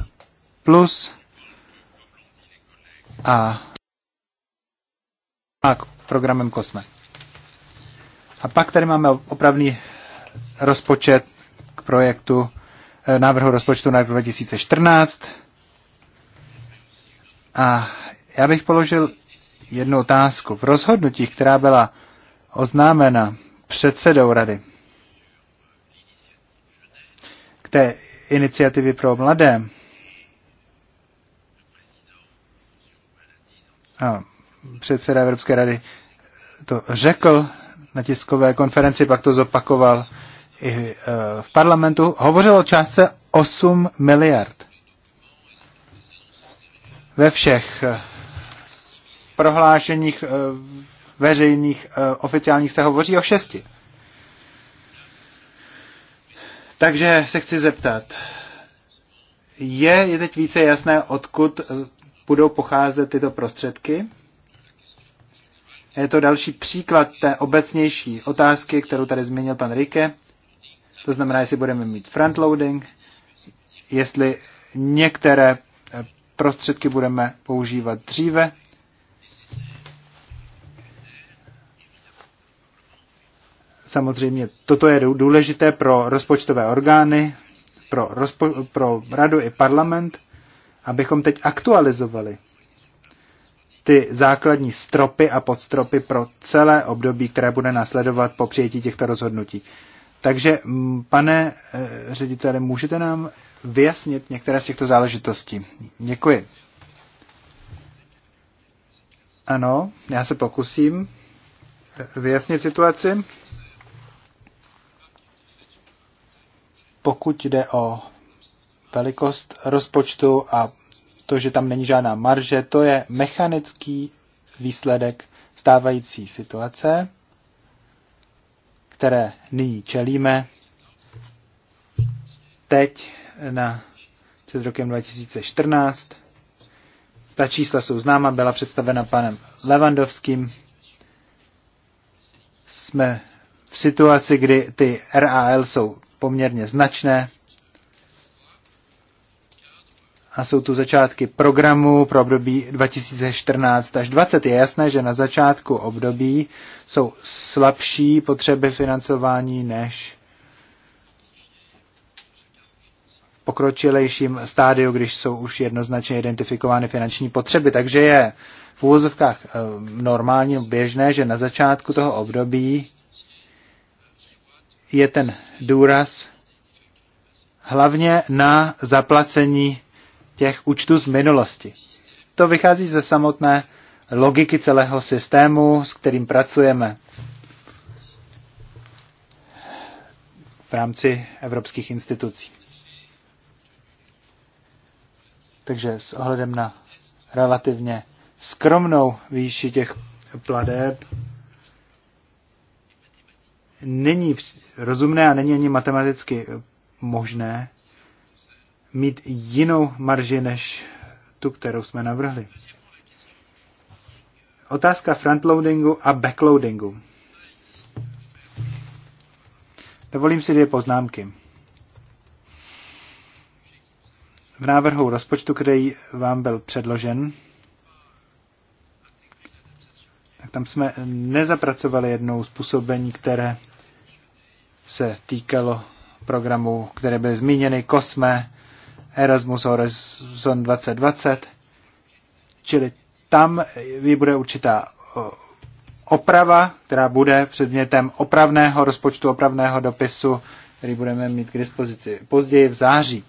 Plus a programem Kosme. A pak tady máme opravný rozpočet k projektu eh, návrhu rozpočtu na rok 2014. A já bych položil jednu otázku. V rozhodnutí, která byla oznámena předsedou rady k té iniciativy pro mladé, předseda Evropské rady to řekl na tiskové konferenci, pak to zopakoval i eh, v parlamentu, hovořil o částce 8 miliard. Ve všech eh, prohlášeních eh, veřejných oficiálních se hovoří o šesti. Takže se chci zeptat, je, je teď více jasné, odkud budou pocházet tyto prostředky? je to další příklad té obecnější otázky, kterou tady zmínil pan Rike. To znamená, jestli budeme mít frontloading, jestli některé eh, prostředky budeme používat dříve. Samozřejmě toto je důležité pro rozpočtové orgány, pro, rozpo, pro radu i parlament, abychom teď aktualizovali ty základní stropy a podstropy pro celé období, které bude následovat po přijetí těchto rozhodnutí. Takže, pane eh, řediteli, můžete nám vyjasnit některé z těchto záležitostí? Děkuji. Ano, já se pokusím vyjasnit situaci. Pokud jde o velikost rozpočtu a to, že tam není žádná marže, to je mechanický výsledek stávající situace, které nyní čelíme. Teď na, před rokem 2014 ta čísla jsou známa, byla představena panem Levandovským. Jsme v situaci, kdy ty RAL jsou poměrně značné a jsou tu začátky programu pro období 2014 až 2020. Je jasné, že na začátku období jsou slabší potřeby financování než v pokročilejším stádiu, když jsou už jednoznačně identifikovány finanční potřeby. Takže je v úvozovkách eh, normálně běžné, že na začátku toho období je ten důraz hlavně na zaplacení těch účtů z minulosti. To vychází ze samotné logiky celého systému, s kterým pracujeme v rámci evropských institucí. Takže s ohledem na relativně skromnou výši těch pladeb není rozumné a není ani matematicky možné mít jinou marži než tu, kterou jsme navrhli. Otázka frontloadingu a backloadingu. Dovolím si dvě poznámky. V návrhu rozpočtu, který vám byl předložen, tak tam jsme nezapracovali jednou způsobení, které se týkalo programu, které byly zmíněny, Kosme, Erasmus Horizon 2020, čili tam bude určitá oprava, která bude předmětem opravného rozpočtu, opravného dopisu, který budeme mít k dispozici později v září.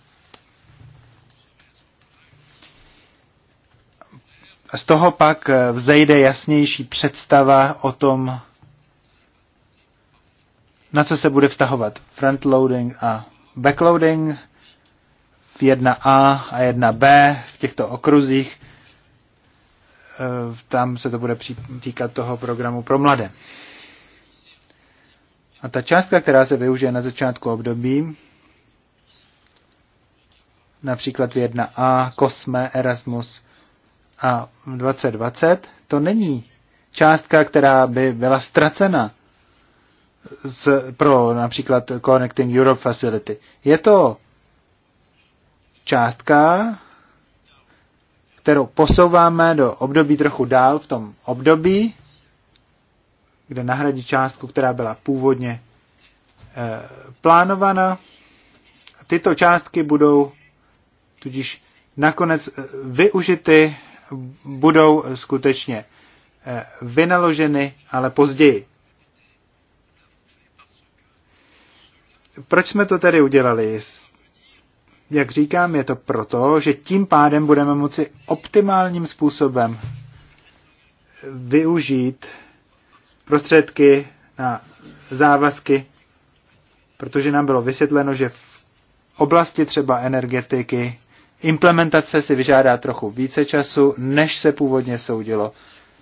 z toho pak e, vzejde jasnější představa o tom, na co se bude vztahovat frontloading a backloading 1A a 1B v těchto okruzích. E, tam se to bude týkat toho programu pro mladé. A ta částka, která se využije na začátku období, například v 1A, Kosme, Erasmus a 2020, to není částka, která by byla ztracena z, pro například Connecting Europe Facility. Je to částka, kterou posouváme do období trochu dál v tom období, kde nahradí částku, která byla původně e, plánována. Tyto částky budou tudíž nakonec eh, využity, budou skutečně e, vynaloženy, ale později. Proč jsme to tedy udělali? Jak říkám, je to proto, že tím pádem budeme moci optimálním způsobem využít prostředky na závazky, protože nám bylo vysvětleno, že v oblasti třeba energetiky implementace si vyžádá trochu více času, než se původně soudilo.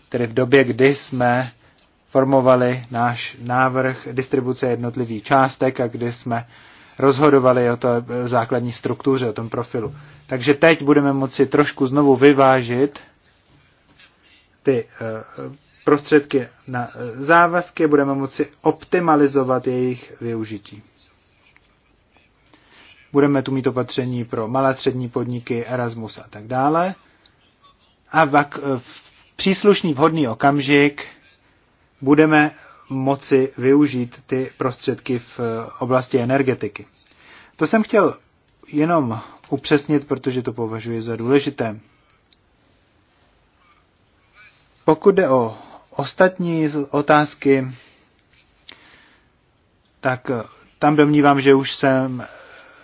Tedy v době, kdy jsme formovali náš návrh distribuce jednotlivých částek a kdy jsme rozhodovali o té eh, základní struktuře, o tom profilu. Takže teď budeme moci trošku znovu vyvážit ty eh, eh, prostředky na závazky, budeme moci optimalizovat jejich využití. Budeme tu mít opatření pro malé střední podniky, Erasmus a tak dále. A v příslušný vhodný okamžik budeme moci využít ty prostředky v eh, oblasti energetiky. To jsem chtěl jenom upřesnit, protože to považuji za důležité. Pokud jde o ostatní otázky, tak eh, tam domnívám, že už jsem,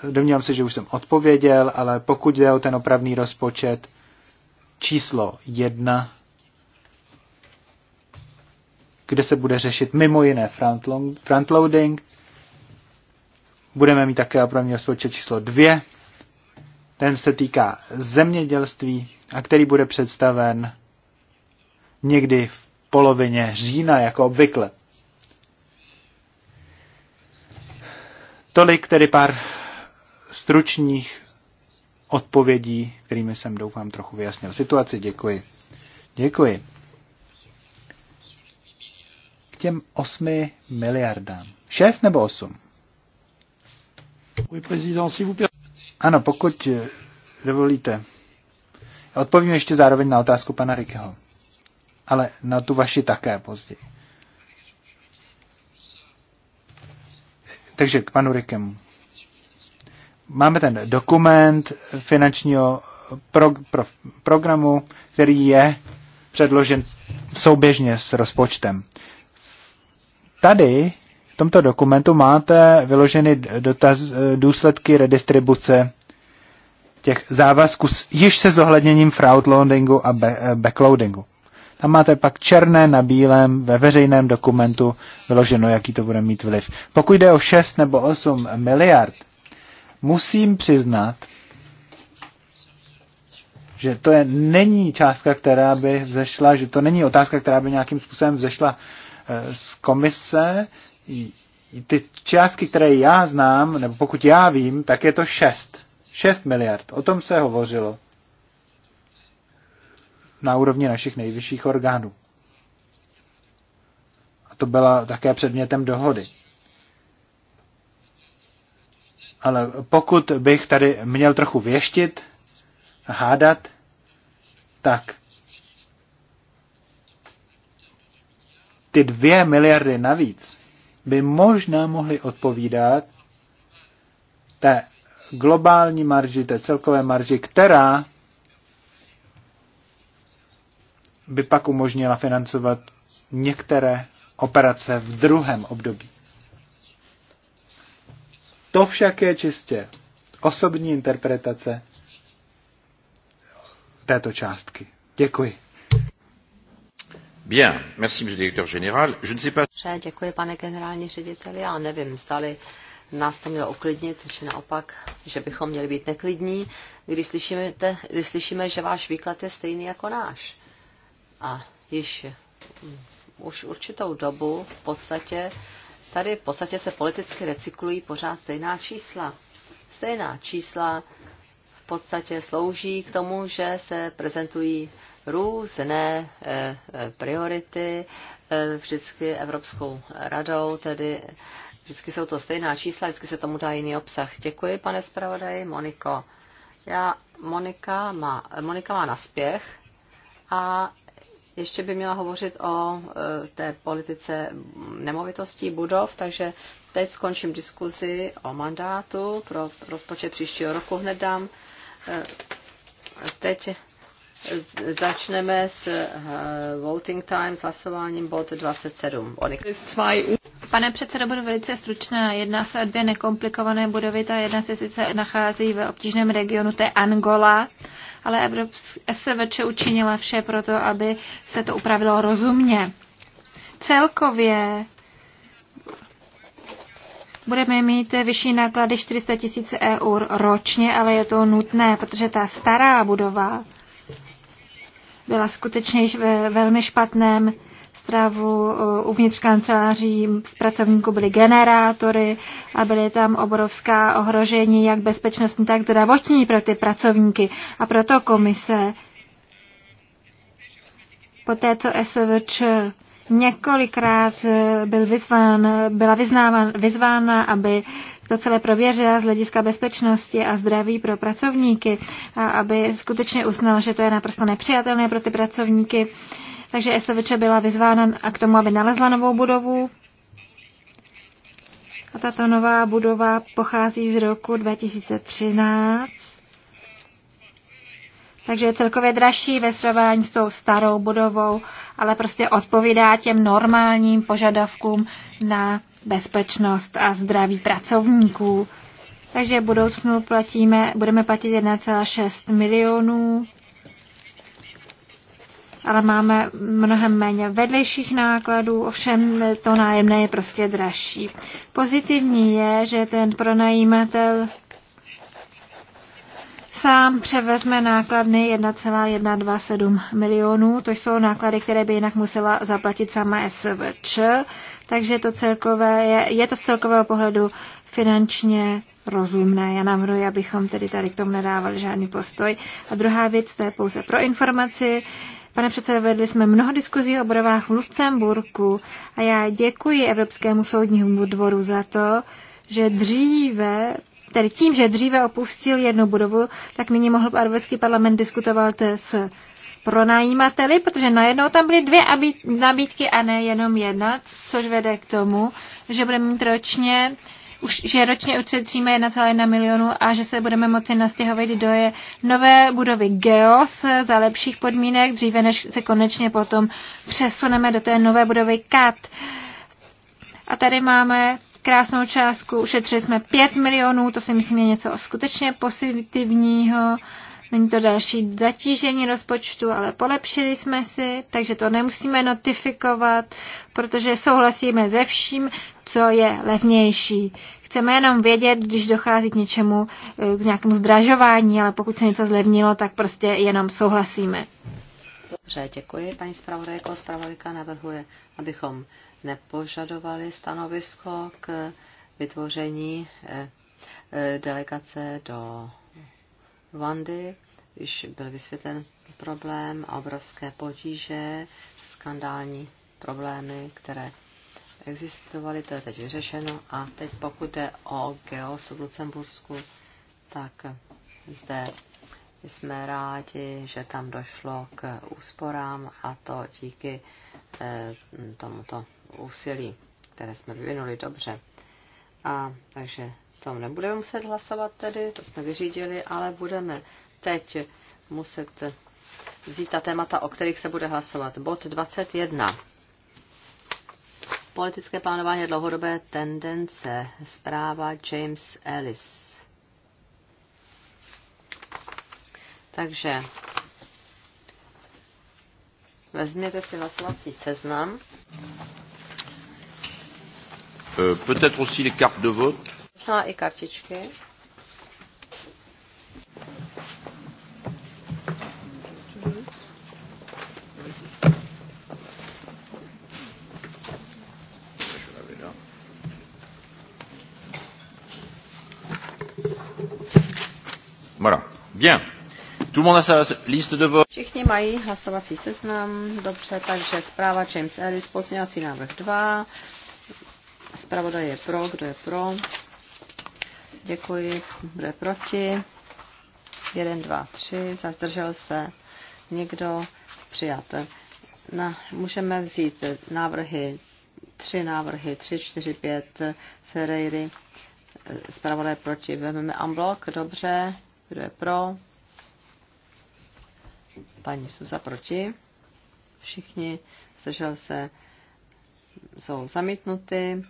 domnívám se, že už jsem odpověděl, ale pokud jde o ten opravný rozpočet číslo jedna, kde se bude řešit mimo jiné frontloading. Budeme mít také opravní rozpočet číslo dvě. Ten se týká zemědělství a který bude představen někdy v polovině října, jako obvykle. Tolik tedy pár stručných odpovědí, kterými jsem doufám trochu vyjasnil situaci. Děkuji. Děkuji těm 8 miliardám. 6 nebo 8? Ano, pokud eh, dovolíte. Odpovím ještě zároveň na otázku pana Rikeho. Ale na tu vaši také později. Takže k panu Rikemu. Máme ten dokument finančního pro, pro, programu, který je předložen souběžně s rozpočtem. Tady v tomto dokumentu máte vyloženy dotaz, eh, důsledky redistribuce těch závazků již se zohledněním fraudloadingu a eh, backloadingu. Tam máte pak černé na bílém ve veřejném dokumentu vyloženo, jaký to bude mít vliv. Pokud jde o 6 nebo 8 miliard, musím přiznat, že to je, není částka, která by zešla, že to není otázka, která by nějakým způsobem zešla z komise, ty částky, které já znám, nebo pokud já vím, tak je to 6. 6 miliard. O tom se hovořilo na úrovni našich nejvyšších orgánů. A to byla také předmětem dohody. Ale pokud bych tady měl trochu věštit, hádat, tak ty dvě miliardy navíc by možná mohly odpovídat té globální marži, té celkové marži, která by pak umožnila financovat některé operace v druhém období. To však je čistě osobní interpretace této částky. Děkuji. Bien, merci, monsieur directeur général. Je ne sais pas... děkuji, pane generální řediteli. Já nevím, zdali nás to mělo uklidnit, či naopak, že bychom měli být neklidní, když slyšíme, te, když slyšíme že váš výklad je stejný jako náš. A již mm, už určitou dobu v podstatě tady v podstatě se politicky recyklují pořád stejná čísla. Stejná čísla v podstatě slouží k tomu, že se prezentují různé eh, eh, priority eh, vždycky Evropskou radou, tedy vždycky jsou to stejná čísla, vždycky se tomu dá jiný obsah. Děkuji, pane zpravodaji, Moniko. Já, Monika má, Monika má naspěch a ještě by měla hovořit o té politice nemovitostí budov, takže teď skončím diskuzi o mandátu pro rozpočet příštího roku. Hned dám teď Začneme s eh, voting time, s hlasováním bod 27. Pane předsedo, budu velice stručná. Jedná se o dvě nekomplikované budovy. Ta jedna se sice nachází ve obtížném regionu, to je Angola, ale Evropská SVČ učinila vše pro to, aby se to upravilo rozumně. Celkově budeme mít vyšší náklady 400 tisíc eur ročně, ale je to nutné, protože ta stará budova byla skutečně již ve velmi špatném stravu. Uvnitř kanceláří z pracovníků byly generátory a byly tam obrovská ohrožení, jak bezpečnostní, tak zdravotní pro ty pracovníky. A proto komise po té, co SVČ několikrát eh, byl vyzván, byla vyznávan, vyzvána, aby to celé prověřila z hlediska bezpečnosti a zdraví pro pracovníky, a aby skutečně uznal, že to je naprosto nepřijatelné pro ty pracovníky. Takže SVČ byla vyzvána a k tomu, aby nalezla novou budovu. A tato nová budova pochází z roku 2013. Takže je celkově dražší ve srovnání s tou starou budovou, ale prostě odpovídá těm normálním požadavkům na bezpečnost a zdraví pracovníků. Takže v budoucnu platíme, budeme platit 1,6 milionů, ale máme mnohem méně vedlejších nákladů, ovšem to nájemné je prostě dražší. Pozitivní je, že ten pronajímatel sám převezme nákladny 1,127 milionů, to jsou náklady, které by jinak musela zaplatit sama SVČ takže to celkové je, je to z celkového pohledu finančně rozumné. Já navrhuji, abychom tedy tady k tomu nedávali žádný postoj. A druhá věc, to je pouze pro informaci. Pane předsedo, vedli jsme mnoho diskuzí o budovách v Lucemburku a já děkuji Evropskému soudnímu dvoru za to, že dříve tedy tím, že dříve opustil jednu budovu, tak nyní mohl Evropský parlament diskutovat s pronajímateli, protože najednou tam byly dvě nabídky a ne jenom jedna, což vede k tomu, že budeme mít ročně už, že ročně ušetříme 1,1 milionu a že se budeme moci nastěhovat do je nové budovy Geos za lepších podmínek, dříve než se konečně potom přesuneme do té nové budovy KAT. A tady máme krásnou částku, ušetřili jsme 5 milionů, to si myslím je něco skutečně pozitivního Není to další zatížení rozpočtu, ale polepšili jsme si, takže to nemusíme notifikovat, protože souhlasíme ze vším, co je levnější. Chceme jenom vědět, když dochází k něčemu, eh, k nějakému zdražování, ale pokud se něco zlevnilo, tak prostě jenom souhlasíme. Dobře, děkuji. Paní zpravodajko, zpravodajka navrhuje, abychom nepožadovali stanovisko k vytvoření eh, eh, delegace do Vandy když byl vysvětlen problém a obrovské potíže, skandální problémy, které existovaly, to je teď vyřešeno. A teď pokud jde o Geos v Lucembursku, tak zde jsme rádi, že tam došlo k úsporám a to díky eh, tomuto úsilí, které jsme vyvinuli dobře. A takže tom nebudeme muset hlasovat tedy, to jsme vyřídili, ale budeme teď muset vzít ta témata, o kterých se bude hlasovat. Bod 21. Politické plánování dlouhodobé tendence. Zpráva James Ellis. Takže vezměte si hlasovací seznam. Euh, peut-être aussi les cartes de vote a i kartičky. Voilà. Bien. Tout le monde a sa liste de vote. Všichni mají hlasovací seznam. Dobře, takže zpráva James Ellis, pozměňovací návrh 2. Zpravodaj je pro, kdo je pro? Děkuji. Bude proti? 1, 2, 3. Zdržel se někdo? Přijat. Na, můžeme vzít návrhy, tři návrhy, 3, 4, 5, Ferreiry, zpravodaj proti. Vememe unblock, dobře. Kdo je pro? Paní Suza proti. Všichni zdržel se, jsou zamítnuty.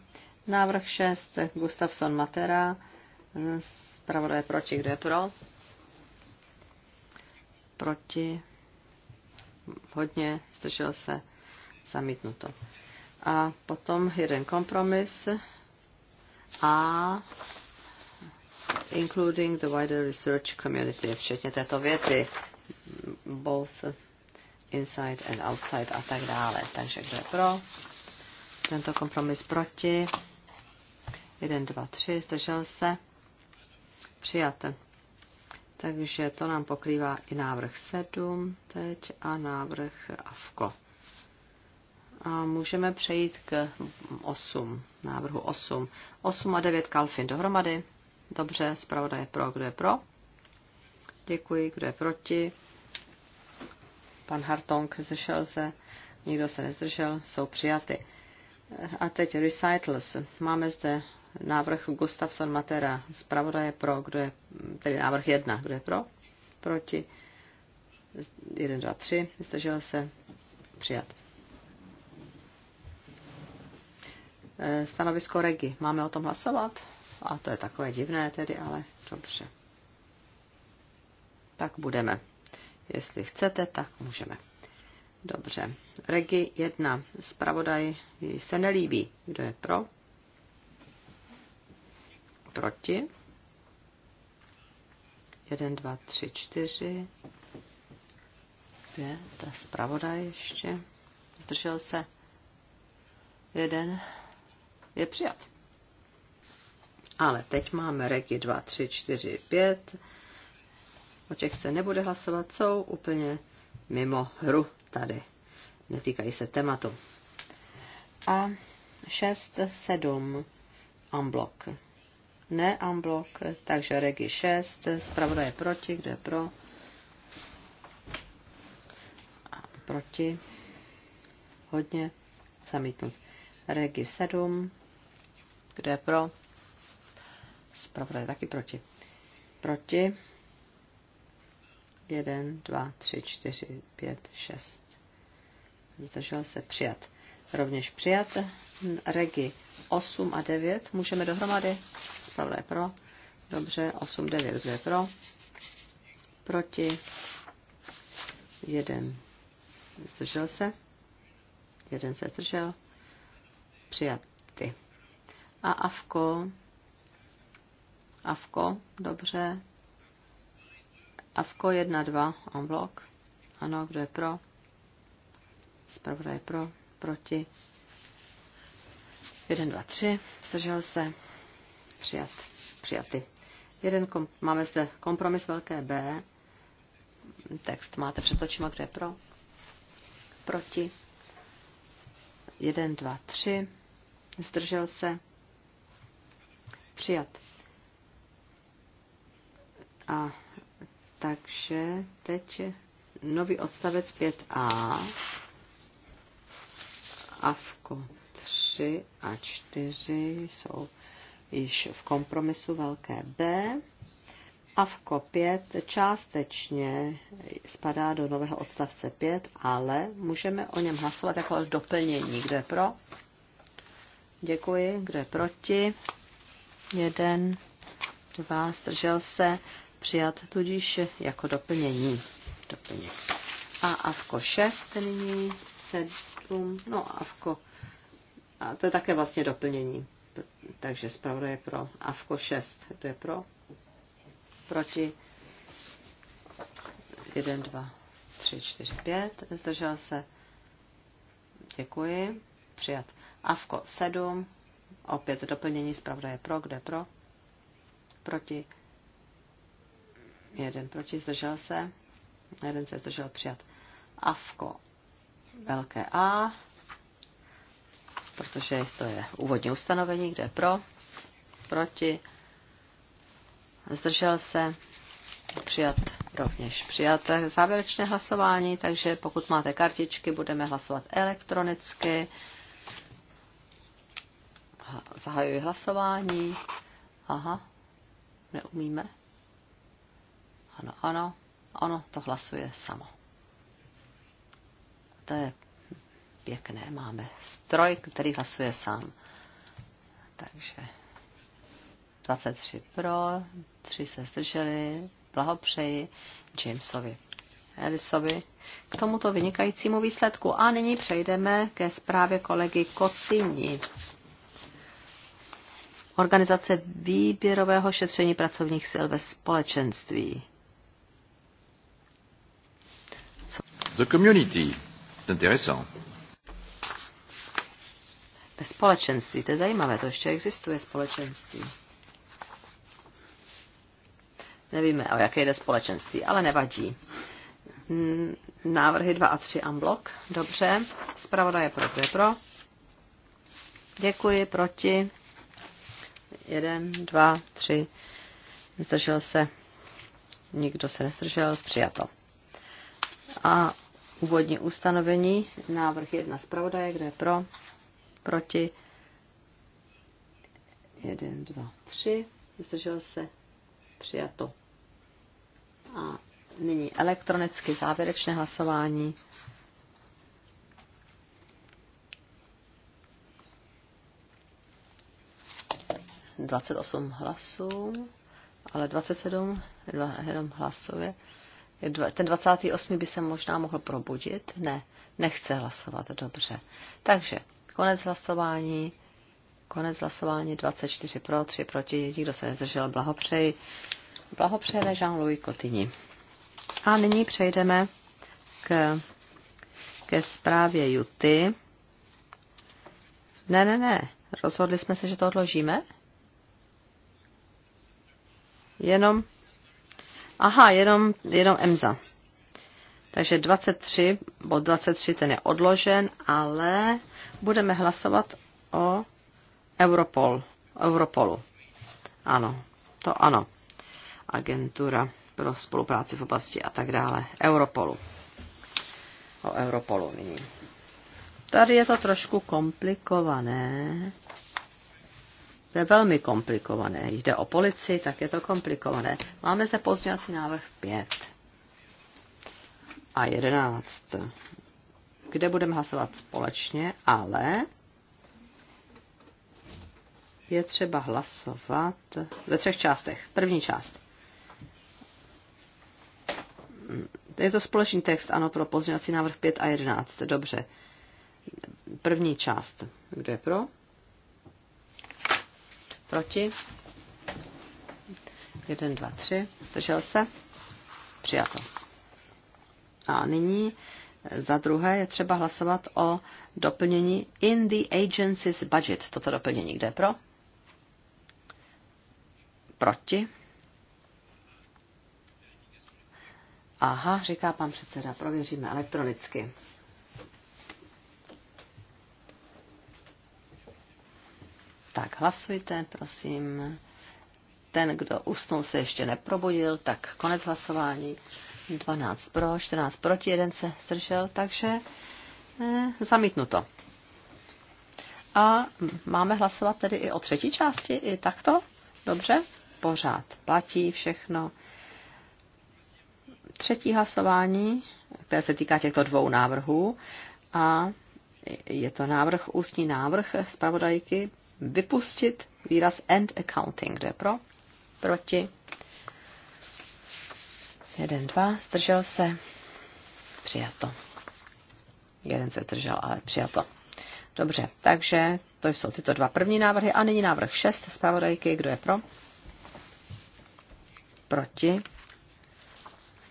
Návrh 6, Gustavson Matera Zpravodaj proti, kdo je pro? Proti. Hodně, zdržel se, zamítnuto. A potom jeden kompromis. A including the wider research community, včetně této věty, both inside and outside a tak dále. Takže kdo je pro? Tento kompromis proti. 1, 2, 3, zdržel se. Přijat. Takže to nám pokrývá i návrh 7 teď a návrh AFKO. A můžeme přejít k 8, návrhu 8. 8 a 9 kalfin dohromady. Dobře, zpravodaj je pro, kdo je pro. Děkuji, kdo je proti. Pan Hartong zdržel se, nikdo se nezdržel, jsou přijaty. A teď recitals. Máme zde návrh Gustavson Matera, zpravodaje pro, kdo je, tedy návrh jedna, kdo je pro, proti, 1, 2, 3, zdržel se, přijat. E, stanovisko Regi, máme o tom hlasovat? A to je takové divné tedy, ale dobře. Tak budeme. Jestli chcete, tak můžeme. Dobře. Regi 1. Spravodaj se nelíbí. Kdo je pro? proti. 1, 2, 3, 4. 2, ta zpravoda ještě. Zdržel se. Jeden je přijat. Ale teď máme regi 2, 3, 4, 5. O těch se nebude hlasovat, jsou úplně mimo hru tady. Netýkají se tématu. A 6, 7 unblock. Ne unblock, takže regi 6, zpravodaj je proti, kdo je pro? A proti. Hodně. Zamítnut. Regi 7, kdo je pro? Zpravodaj je taky proti. Proti. 1, 2, 3, 4, 5, 6. Zdržel se přijat. Rovněž přijat. Regi 8 a 9 můžeme dohromady. Zpravodaj pro. Dobře, 8, 9, kdo je pro? Proti. 1. Zdržel se. 1 se zdržel. Přijaty. A Avko. Avko, dobře. Avko 1, 2, en blok. Ano, kdo je pro? Zpravodaj pro, proti 1, 2, 3, zdržel se, přijat, přijaty. Jeden kom, máme zde kompromis velké B, text máte před očima, kde je pro, proti, 1, 2, 3, zdržel se, přijat. A takže teď nový odstavec 5a. Avko. 3 a 4 jsou již v kompromisu velké B. A v AVKO 5 částečně spadá do nového odstavce 5, ale můžeme o něm hlasovat jako doplnění. Kdo je pro? Děkuji. Kdo je proti? Jeden, dva, zdržel se. Přijat tudíž jako doplnění. doplnění. A AVKO 6 nyní, 7, no AVKO a to je také vlastně doplnění. Takže zpravodaj je pro. Avko 6. to je pro? Proti? 1, 2, 3, 4, 5. Zdržel se. Děkuji. Přijat. Avko 7. Opět doplnění. Zpravodaj je pro. Kde pro? Proti? Jeden proti. Zdržel se. Jeden se zdržel. Přijat. Avko. velké A protože to je úvodní ustanovení, kde je pro, proti, zdržel se, přijat rovněž přijat závěrečné hlasování, takže pokud máte kartičky, budeme hlasovat elektronicky. Zahajuji hlasování. Aha, neumíme. Ano, ano, ano, to hlasuje samo. To je pěkné. Máme stroj, který hlasuje sám. Takže 23 pro, 3 se zdrželi. Blahopřeji Jamesovi Ellisovi k tomuto vynikajícímu výsledku. A nyní přejdeme ke zprávě kolegy Kotyni. Organizace výběrového šetření pracovních sil ve společenství. Co? The community. Intéressant ve společenství. To je zajímavé, to ještě existuje společenství. Nevíme, o jaké jde společenství, ale nevadí. Návrhy 2 a 3 amblok. Dobře. Zpravodaj je pro, je pro. Děkuji, proti. 1, 2, 3. Zdržel se. Nikdo se nezdržel. Přijato. A úvodní ustanovení. Návrh 1 zpravodaje, kde je pro proti, jeden dva tři. zdržel se, přijato. A nyní elektronicky závěrečné hlasování. Dvacet osm hlasů, ale dvacet sedm, jenom hlasuje. Ten 28 by se možná mohl probudit. Ne, nechce hlasovat, dobře. Takže Konec hlasování. Konec hlasování 24 pro, 3 proti, nikdo se nezdržel, blahopřeji. Blahopřejeme Jean-Louis Cotigny. A nyní přejdeme k, ke zprávě Juty. Ne, ne, ne, rozhodli jsme se, že to odložíme. Jenom, aha, jenom, jenom Emza. Takže 23, bod 23 ten je odložen, ale budeme hlasovat o Europol, Europolu. Ano, to ano. Agentura pro spolupráci v oblasti a tak dále. Europolu. O Europolu nyní. Tady je to trošku komplikované. To je velmi komplikované. Jde o policii, tak je to komplikované. Máme zde pozměňovací návrh 5 a 11, kde budeme hlasovat společně, ale je třeba hlasovat ve třech částech. První část. Je to společný text, ano, pro pozměňovací návrh 5 a 11. Dobře. První část. Kdo je pro? Proti? 1, 2, 3. Zdržel se? Přijato. A nyní eh, za druhé je třeba hlasovat o doplnění in the agency's budget. Toto doplnění kde pro? Proti? Aha, říká pan předseda, prověříme elektronicky. Tak hlasujte, prosím. Ten, kdo usnul, se ještě neprobudil, tak konec hlasování. 12 pro, 14 proti, jeden se zdržel, takže eh, zamítnuto. A máme hlasovat tedy i o třetí části, i takto? Dobře, pořád platí všechno. Třetí hlasování, které se týká těchto dvou návrhů, a je to návrh, ústní návrh zpravodajky, vypustit výraz end accounting. kde pro? Proti? Jeden, dva, zdržel se, přijato. Jeden se zdržel, ale přijato. Dobře, takže to jsou tyto dva první návrhy a nyní návrh 6 zpravodajky. Kdo je pro? Proti.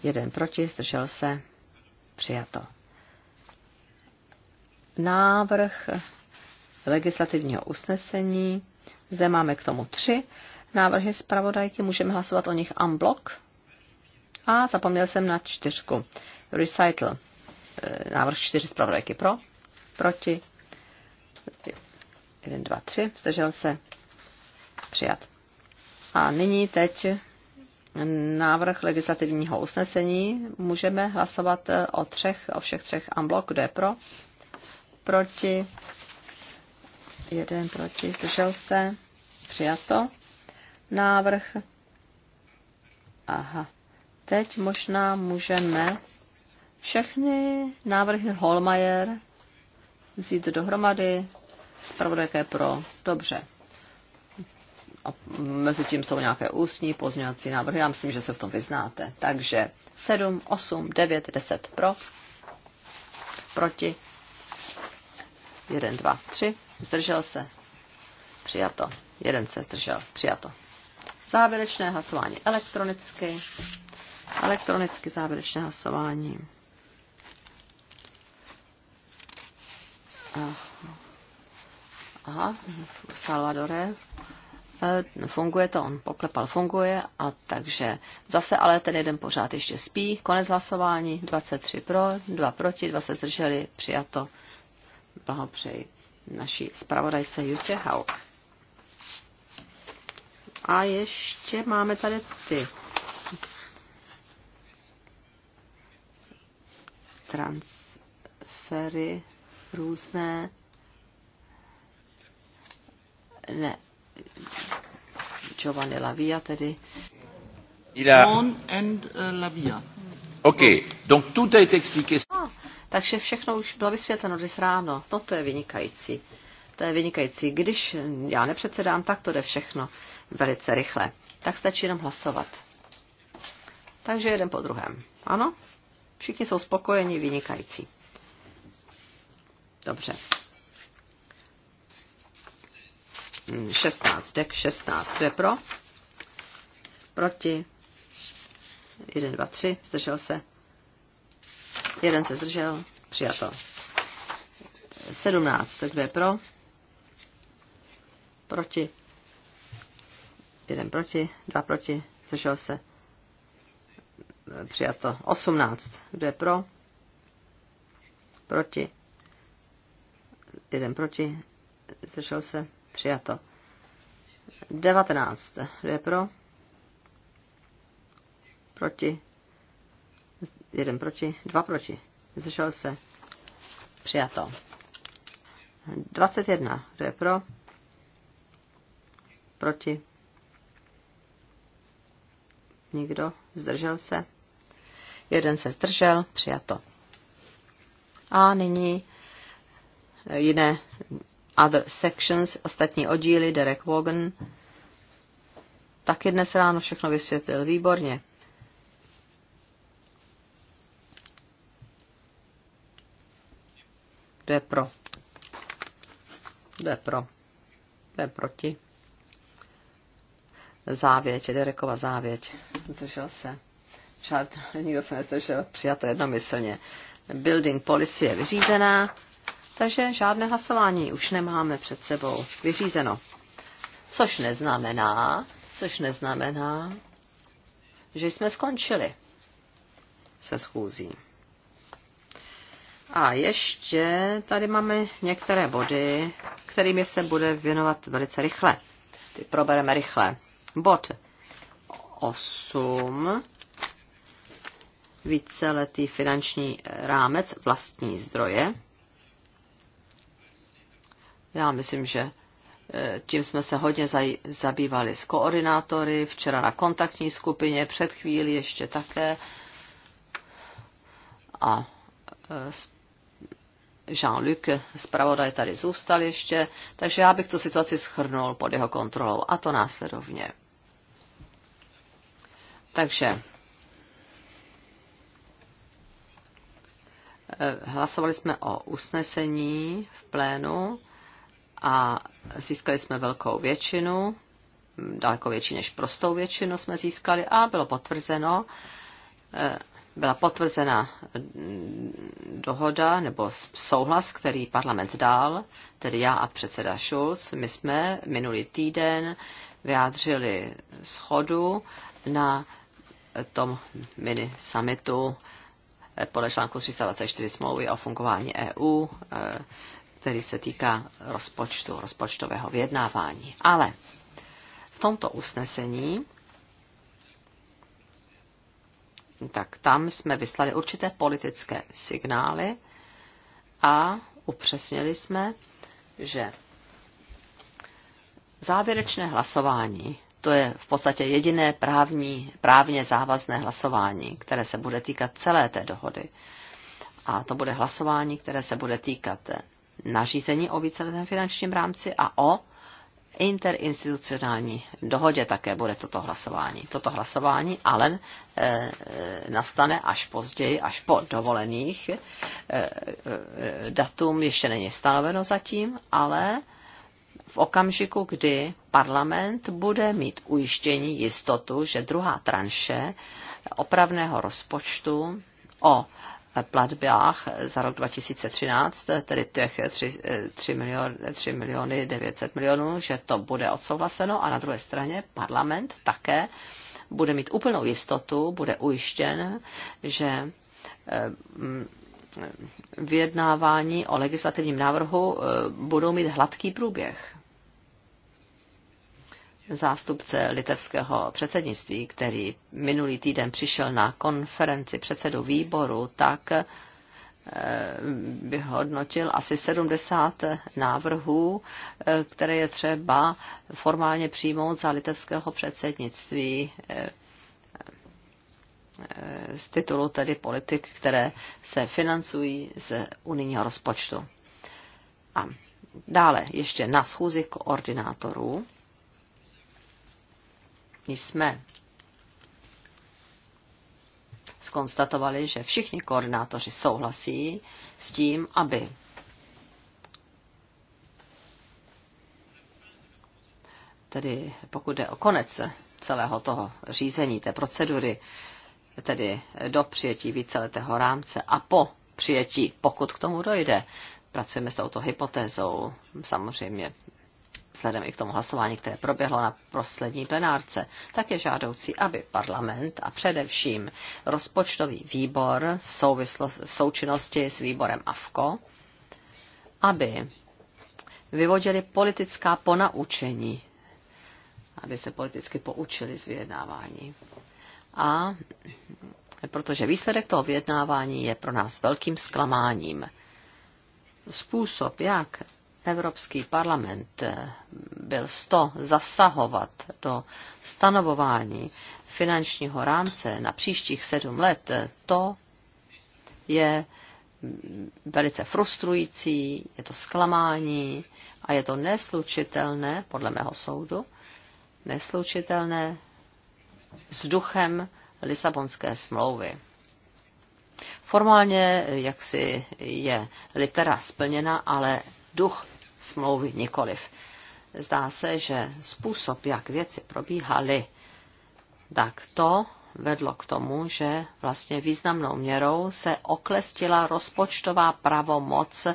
Jeden proti, zdržel se, přijato. Návrh legislativního usnesení. Zde máme k tomu tři návrhy zpravodajky. Můžeme hlasovat o nich unblock. A zapomněl jsem na čtyřku. Recital. E, návrh čtyři zpravodajky pro, proti. jeden dva tři. Zdržel se. Přijat. A nyní teď návrh legislativního usnesení. Můžeme hlasovat e, o třech, o všech třech amblok. Kdo je pro? Proti? Jeden proti. Zdržel se. Přijato. Návrh. Aha, teď možná můžeme všechny návrhy Holmajer vzít dohromady. Zpravodajka pro. Dobře. A mezi tím jsou nějaké ústní pozměňovací návrhy. Já myslím, že se v tom vyznáte. Takže 7, 8, 9, 10 pro. Proti. 1, 2, 3. Zdržel se. Přijato. Jeden se zdržel. Přijato. Závěrečné hlasování elektronicky. Elektronicky závěrečné hlasování. Aha, Salvadore. E, funguje to, on poklepal, funguje a takže zase ale ten jeden pořád ještě spí. Konec hlasování, 23 pro, 2 proti, 2 se zdrželi, přijato. Blahopřeji naší zpravodajce Jutě Hau. A ještě máme tady ty transfery různé. Ne, Giovanni Lavia tedy. Il a... On and uh, Lavia. OK, donc tout a été expliqué. Ah, takže všechno už bylo vysvětleno dnes ráno. Toto no, to je vynikající. To je vynikající. Když já nepředsedám, tak to jde všechno velice rychle. Tak stačí jenom hlasovat. Takže jeden po druhém. Ano? Všichni jsou spokojeni, vynikající. Dobře. 16, hmm, dek 16, kdo je pro? Proti? 1, 2, 3, zdržel se. Jeden se zdržel, přijato. 17, kdo je pro? Proti? Jeden proti, dva proti, zdržel se přijato 18. Kdo je pro? Proti? Jeden proti. Zdržel se? Přijato. 19. Kdo je pro? Proti? Jeden proti. Dva proti. Zdržel se? Přijato. 21. Kdo je pro? Proti? Nikdo? Zdržel se? jeden se zdržel, přijato. A nyní jiné other sections, ostatní oddíly, Derek Wogan. Taky dnes ráno všechno vysvětlil výborně. Kdo je pro? Kdo je pro? Kdo je proti? Závěť, Derekova závěť. Zdržel se. Žád, nikdo se nezdržel, přijato jednomyslně. Building policy je vyřízená, takže žádné hlasování už nemáme před sebou. Vyřízeno. Což neznamená, což neznamená, že jsme skončili se schůzí. A ještě tady máme některé body, kterými se bude věnovat velice rychle. Ty probereme rychle. Bod 8 víceletý finanční rámec vlastní zdroje. Já myslím, že e, tím jsme se hodně zabývali s koordinátory, včera na kontaktní skupině, před chvíli ještě také. A e, Jean-Luc, zpravodaj, tady zůstal ještě, takže já bych tu situaci schrnul pod jeho kontrolou a to následovně. Takže Eh, hlasovali jsme o usnesení v plénu a získali jsme velkou většinu, hm, daleko větší než prostou většinu jsme získali a bylo potvrzeno, eh, byla potvrzena hm, dohoda nebo souhlas, který parlament dal, tedy já a předseda Schulz. My jsme minulý týden vyjádřili schodu na tom mini summitu podle článku 324 smlouvy o fungování EU, e, který se týká rozpočtu, rozpočtového vyjednávání. Ale v tomto usnesení tak tam jsme vyslali určité politické signály a upřesnili jsme, že závěrečné hlasování to je v podstatě jediné právní, právně závazné hlasování, které se bude týkat celé té dohody. A to bude hlasování, které se bude týkat nařízení o víceletém finančním rámci a o interinstitucionální dohodě také bude toto hlasování. Toto hlasování ale e, nastane až později, až po dovolených. E, e, datum ještě není stanoveno zatím, ale e, v okamžiku, kdy parlament bude mít ujištění, jistotu, že druhá tranše opravného rozpočtu o platbách za rok 2013, tedy těch 3, 3, milion, 3 miliony 900 milionů, že to bude odsouhlaseno a na druhé straně parlament také bude mít úplnou jistotu, bude ujištěn, že eh, vyjednávání o legislativním návrhu e, budou mít hladký průběh. Zástupce litevského předsednictví, který minulý týden přišel na konferenci předsedu výboru, tak e, vyhodnotil asi 70 návrhů, e, které je třeba formálně přijmout za litevského předsednictví Eh, z titulu tedy politik, které se financují z unijního rozpočtu. A dále ještě na schůzi koordinátorů jsme skonstatovali, že všichni koordinátoři souhlasí s tím, aby tedy pokud jde o konec celého toho řízení, té procedury, tedy do přijetí víceletého rámce a po přijetí, pokud k tomu dojde. Pracujeme s touto hypotézou, samozřejmě vzhledem i k tomu hlasování, které proběhlo na poslední plenárce, tak je žádoucí, aby parlament a především rozpočtový výbor v, souvislo, v součinnosti s výborem AFKO, aby vyvodili politická ponaučení, aby se politicky poučili z vyjednávání a protože výsledek toho vyjednávání je pro nás velkým zklamáním. Způsob, jak Evropský parlament eh, byl sto zasahovat do stanovování finančního rámce na příštích sedm let, eh, to je velice frustrující, je to zklamání a je to neslučitelné, podle mého soudu, neslučitelné duchem Lisabonské smlouvy. Formálně jaksi je litera splněna, ale duch smlouvy nikoliv. Zdá se, že způsob, jak věci probíhaly, tak to vedlo k tomu, že vlastně významnou měrou se oklestila rozpočtová pravomoc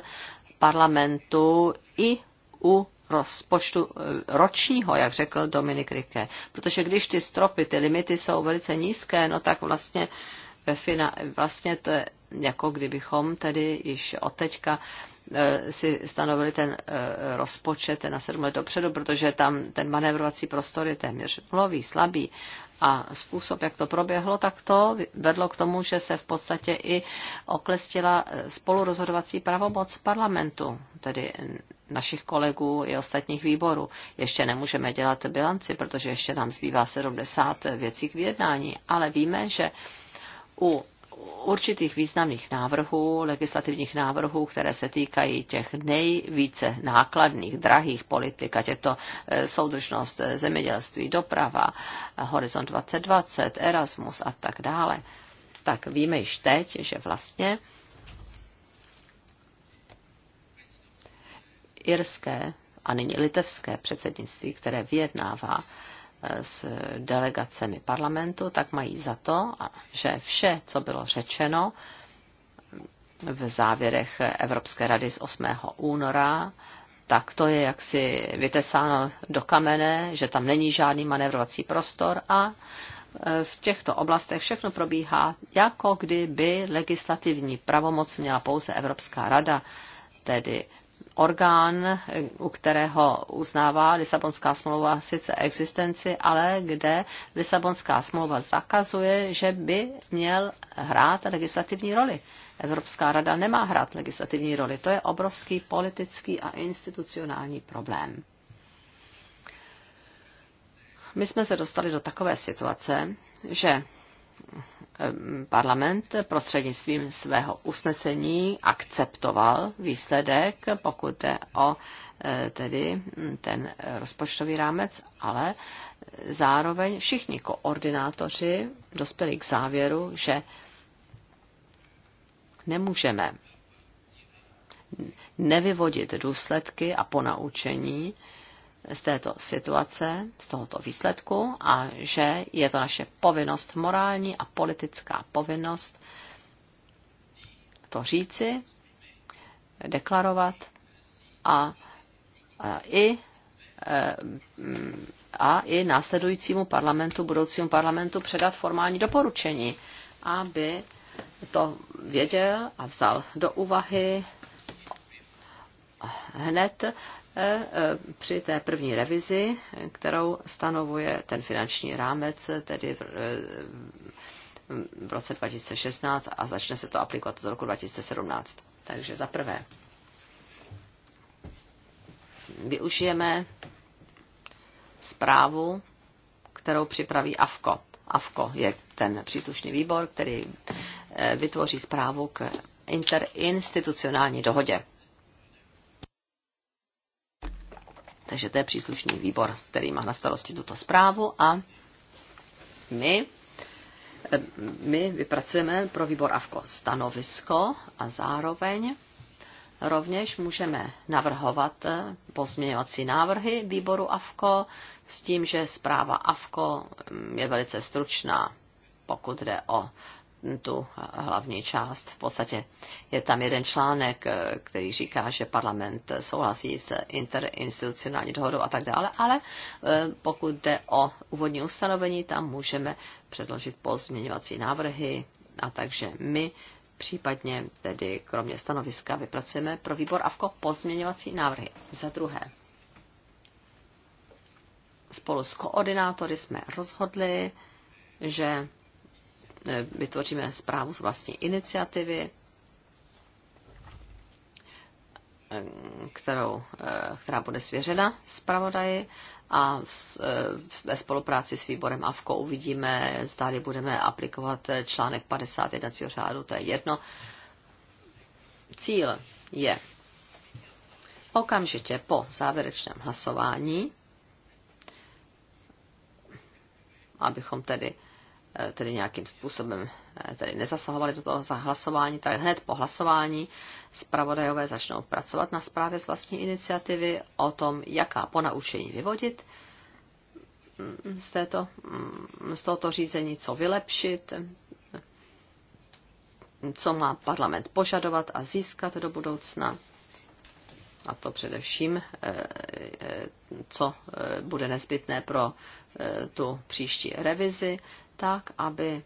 parlamentu i u rozpočtu eh, ročního, jak řekl Dominik Rike. Protože když ty stropy, ty limity jsou velice nízké, no tak vlastně, ve fina, vlastně to je jako kdybychom tedy již od teďka eh, si stanovili ten eh, rozpočet na sedm let dopředu, protože tam ten manévrovací prostor je téměř nulový, slabý. A způsob, jak to proběhlo, tak to vedlo k tomu, že se v podstatě i oklestila spolurozhodovací pravomoc parlamentu, tedy našich kolegů i ostatních výborů. Ještě nemůžeme dělat bilanci, protože ještě nám zbývá 70 věcí k vyjednání, ale víme, že u určitých významných návrhů, legislativních návrhů, které se týkají těch nejvíce nákladných, drahých politik, ať je to e, soudržnost, e, zemědělství, doprava, Horizont 2020, Erasmus a tak dále, tak víme již teď, že vlastně irské a nyní litevské předsednictví, které vyjednává e, s delegacemi parlamentu, tak mají za to, že vše, co bylo řečeno v závěrech Evropské rady z 8. února, tak to je jaksi vytesáno do kamene, že tam není žádný manévrovací prostor a e, v těchto oblastech všechno probíhá, jako kdyby legislativní pravomoc měla pouze Evropská rada, tedy orgán, u kterého uznává Lisabonská smlouva sice existenci, ale kde Lisabonská smlouva zakazuje, že by měl hrát legislativní roli. Evropská rada nemá hrát legislativní roli. To je obrovský politický a institucionální problém. My jsme se dostali do takové situace, že parlament prostřednictvím svého usnesení akceptoval výsledek, pokud jde o e, tedy ten rozpočtový rámec, ale zároveň všichni koordinátoři dospěli k závěru, že nemůžeme nevyvodit důsledky a ponaučení, z této situace, z tohoto výsledku a že je to naše povinnost, morální a politická povinnost to říci, deklarovat a, a i e, a i následujícímu parlamentu, budoucímu parlamentu předat formální doporučení, aby to věděl a vzal do úvahy hned E, e, při té první revizi, kterou stanovuje ten finanční rámec, tedy v e, roce 2016 a začne se to aplikovat z roku 2017. Takže za prvé využijeme zprávu, kterou připraví AFKO. AFKO je ten příslušný výbor, který vytvoří zprávu k interinstitucionální dohodě. Takže to je příslušný výbor, který má na starosti tuto zprávu a my, my vypracujeme pro výbor AVKO stanovisko a zároveň Rovněž můžeme navrhovat pozměňovací návrhy výboru AFKO s tím, že zpráva AFKO je velice stručná, pokud jde o tu hlavní část. V podstatě je tam jeden článek, eh, který říká, že parlament souhlasí s interinstitucionální dohodou a tak dále, ale eh, pokud jde o úvodní ustanovení, tam můžeme předložit pozměňovací návrhy a takže my případně tedy kromě stanoviska vypracujeme pro výbor AVKO pozměňovací návrhy. Za druhé, spolu s koordinátory jsme rozhodli, že Eh, vytvoříme zprávu z vlastní iniciativy, eh, kterou, eh, která bude svěřena zpravodaji a ve spolupráci s výborem AVKO uvidíme, zda budeme aplikovat článek 50 jednacího řádu, to je jedno. Cíl je okamžitě po závěrečném hlasování, abychom tedy Eh, tedy nějakým způsobem eh, tedy nezasahovali do toho zahlasování, tak hned po hlasování zpravodajové začnou pracovat na zprávě z vlastní iniciativy o tom, jaká ponaučení vyvodit mm, z, této, mm, z tohoto řízení, co vylepšit, co má parlament požadovat a získat do budoucna. A to především, eh, co bude nezbytné pro tu příští revizi tak, aby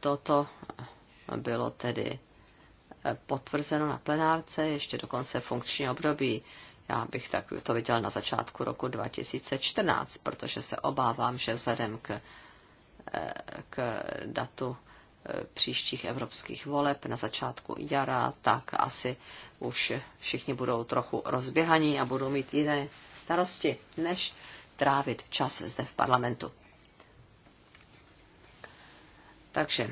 toto bylo tedy potvrzeno na plenárce ještě do konce funkční období. Já bych tak to viděl na začátku roku 2014, protože se obávám, že vzhledem k, k datu příštích evropských voleb na začátku jara, tak asi už všichni budou trochu rozběhaní a budou mít jiné starosti, než trávit čas zde v parlamentu. Takže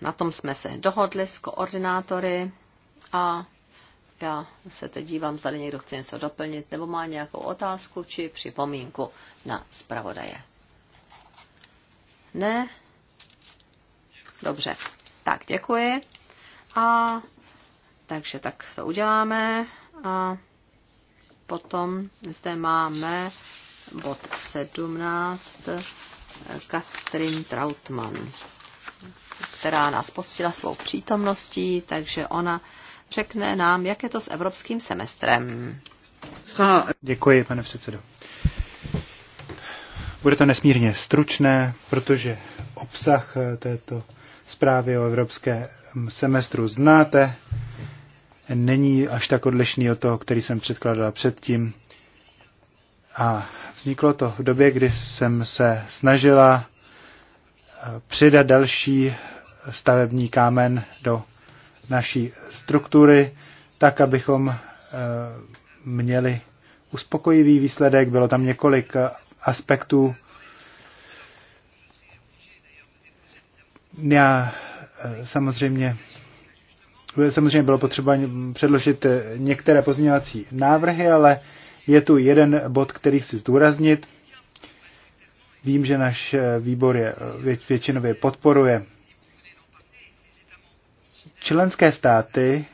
na tom jsme se dohodli s koordinátory a já se teď dívám, zda někdo chce něco doplnit nebo má nějakou otázku či připomínku na zpravodaje. Ne? Dobře. Tak, děkuji. A takže tak to uděláme. A potom zde máme bod 17 Katrin Trautmann která nás postila svou přítomností, takže ona řekne nám, jak je to s evropským semestrem. Děkuji, pane předsedo. Bude to nesmírně stručné, protože obsah eh, této zprávy o evropském semestru znáte. Není až tak odlišný od toho, který jsem předkládala předtím. A vzniklo to v době, kdy jsem se snažila přidat další stavební kámen do naší struktury, tak abychom eh, měli uspokojivý výsledek. Bylo tam několik aspektů. Já eh, samozřejmě Samozřejmě bylo potřeba předložit eh, některé pozměňovací návrhy, ale je tu jeden bod, který chci zdůraznit. Vím, že náš eh, výbor je eh, většinově podporuje. Členské státy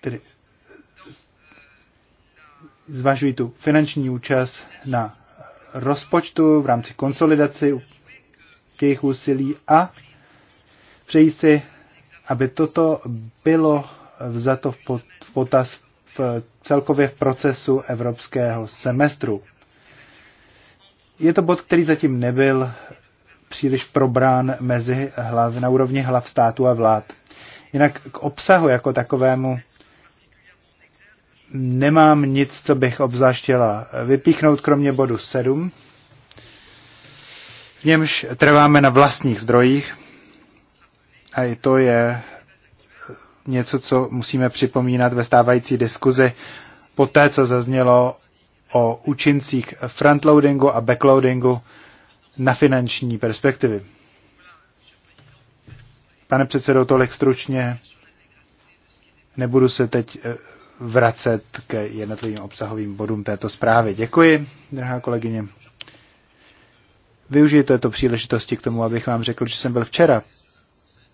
tedy eh, zvažují tu finanční účast na rozpočtu v rámci konsolidaci jejich úsilí a přejí si, aby toto bylo vzato v potaz v v, celkově v procesu evropského semestru. Je to bod, který zatím nebyl příliš probrán mezi hlav, na úrovni hlav státu a vlád. Jinak k obsahu jako takovému nemám nic, co bych obzáštěla vypíchnout, kromě bodu 7. V němž trváme na vlastních zdrojích. A i to je něco, co musíme připomínat ve stávající diskuzi po té, co zaznělo o účincích frontloadingu a backloadingu na finanční perspektivy. Pane předsedo, tolik stručně. Nebudu se teď eh, vracet ke jednotlivým obsahovým bodům této zprávy. Děkuji, drahá kolegyně. Využijte této příležitosti k tomu, abych vám řekl, že jsem byl včera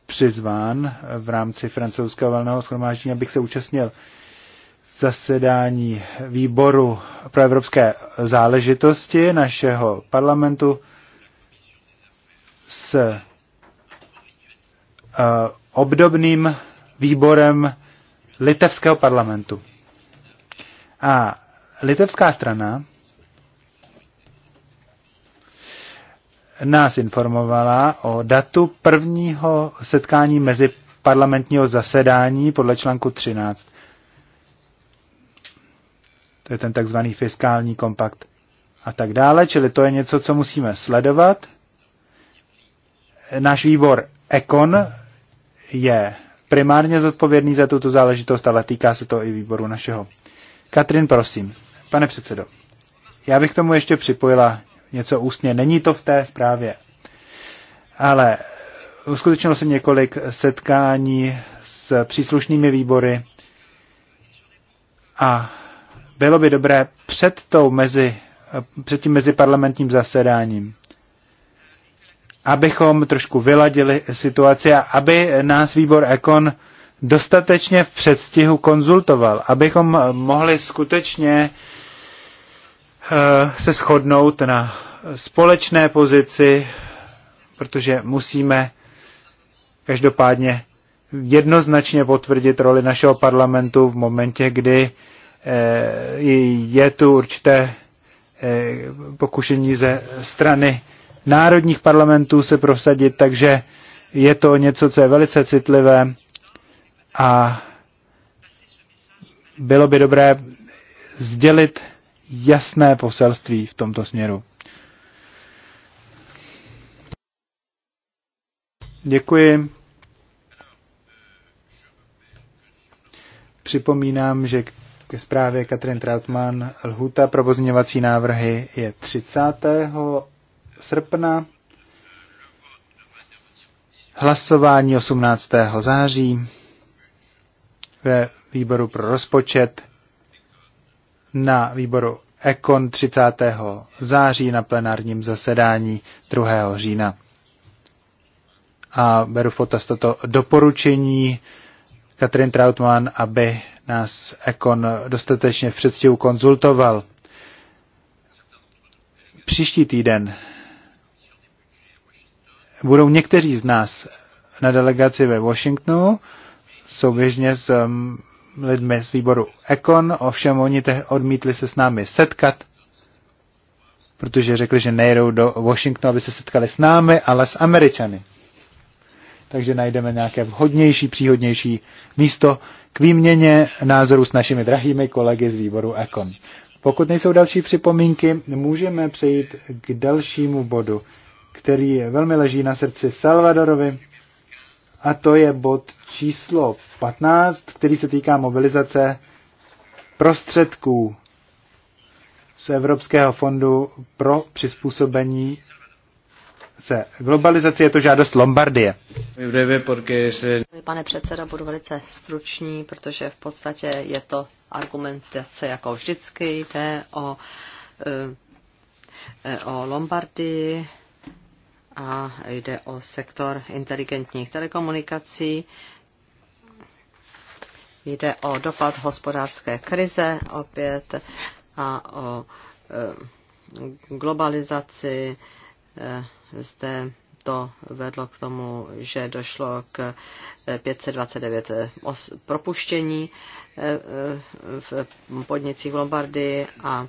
přizván v rámci francouzského valného schromáždění, abych se účastnil zasedání výboru pro evropské záležitosti našeho parlamentu s eh, obdobným výborem litevského parlamentu. A litevská strana nás informovala o datu prvního setkání mezi parlamentního zasedání podle článku 13. To je ten takzvaný fiskální kompakt a tak dále, čili to je něco, co musíme sledovat. Náš výbor Ekon je primárně zodpovědný za tuto záležitost, ale týká se to i výboru našeho. Katrin, prosím. Pane předsedo, já bych tomu ještě připojila něco ústně. Není to v té zprávě. Ale uskutečnilo se několik setkání s příslušnými výbory a bylo by dobré před, tou mezi, před tím meziparlamentním zasedáním, abychom trošku vyladili situaci a aby nás výbor Ekon dostatečně v předstihu konzultoval, abychom mohli skutečně Eh, se shodnout na společné pozici, protože musíme každopádně jednoznačně potvrdit roli našeho parlamentu v momentě, kdy eh, je tu určité eh, pokušení ze strany národních parlamentů se prosadit, takže je to něco, co je velice citlivé a bylo by dobré sdělit jasné poselství v tomto směru. Děkuji. Připomínám, že ke zprávě Katrin Trautmann lhuta provozňovací návrhy je 30. srpna, hlasování 18. září ve výboru pro rozpočet na výboru Ekon 30. září na plenárním zasedání 2. října. A beru v potaz toto doporučení Katrin Trautmann, aby nás Ekon dostatečně v předstihu konzultoval. Příští týden budou někteří z nás na delegaci ve Washingtonu souběžně s um, lidmi z výboru Ekon, ovšem oni te odmítli se s námi setkat, protože řekli, že nejdou do Washingtonu, aby se setkali s námi, ale s Američany. Takže najdeme nějaké vhodnější, příhodnější místo k výměně názoru s našimi drahými kolegy z výboru Ekon. Pokud nejsou další připomínky, můžeme přejít k dalšímu bodu, který velmi leží na srdci Salvadorovi a to je bod číslo 15, který se týká mobilizace prostředků z Evropského fondu pro přizpůsobení se globalizaci. Je to žádost Lombardie. Pane předseda, budu velice stručný, protože v podstatě je to argumentace jako vždycky. Jde o, eh, eh, o Lombardii a jde o sektor inteligentních telekomunikací. Jde o dopad hospodářské krize opět a o eh, globalizaci. Eh, zde to vedlo k tomu, že došlo k 529 eh, propuštění v podnicích Lombardy a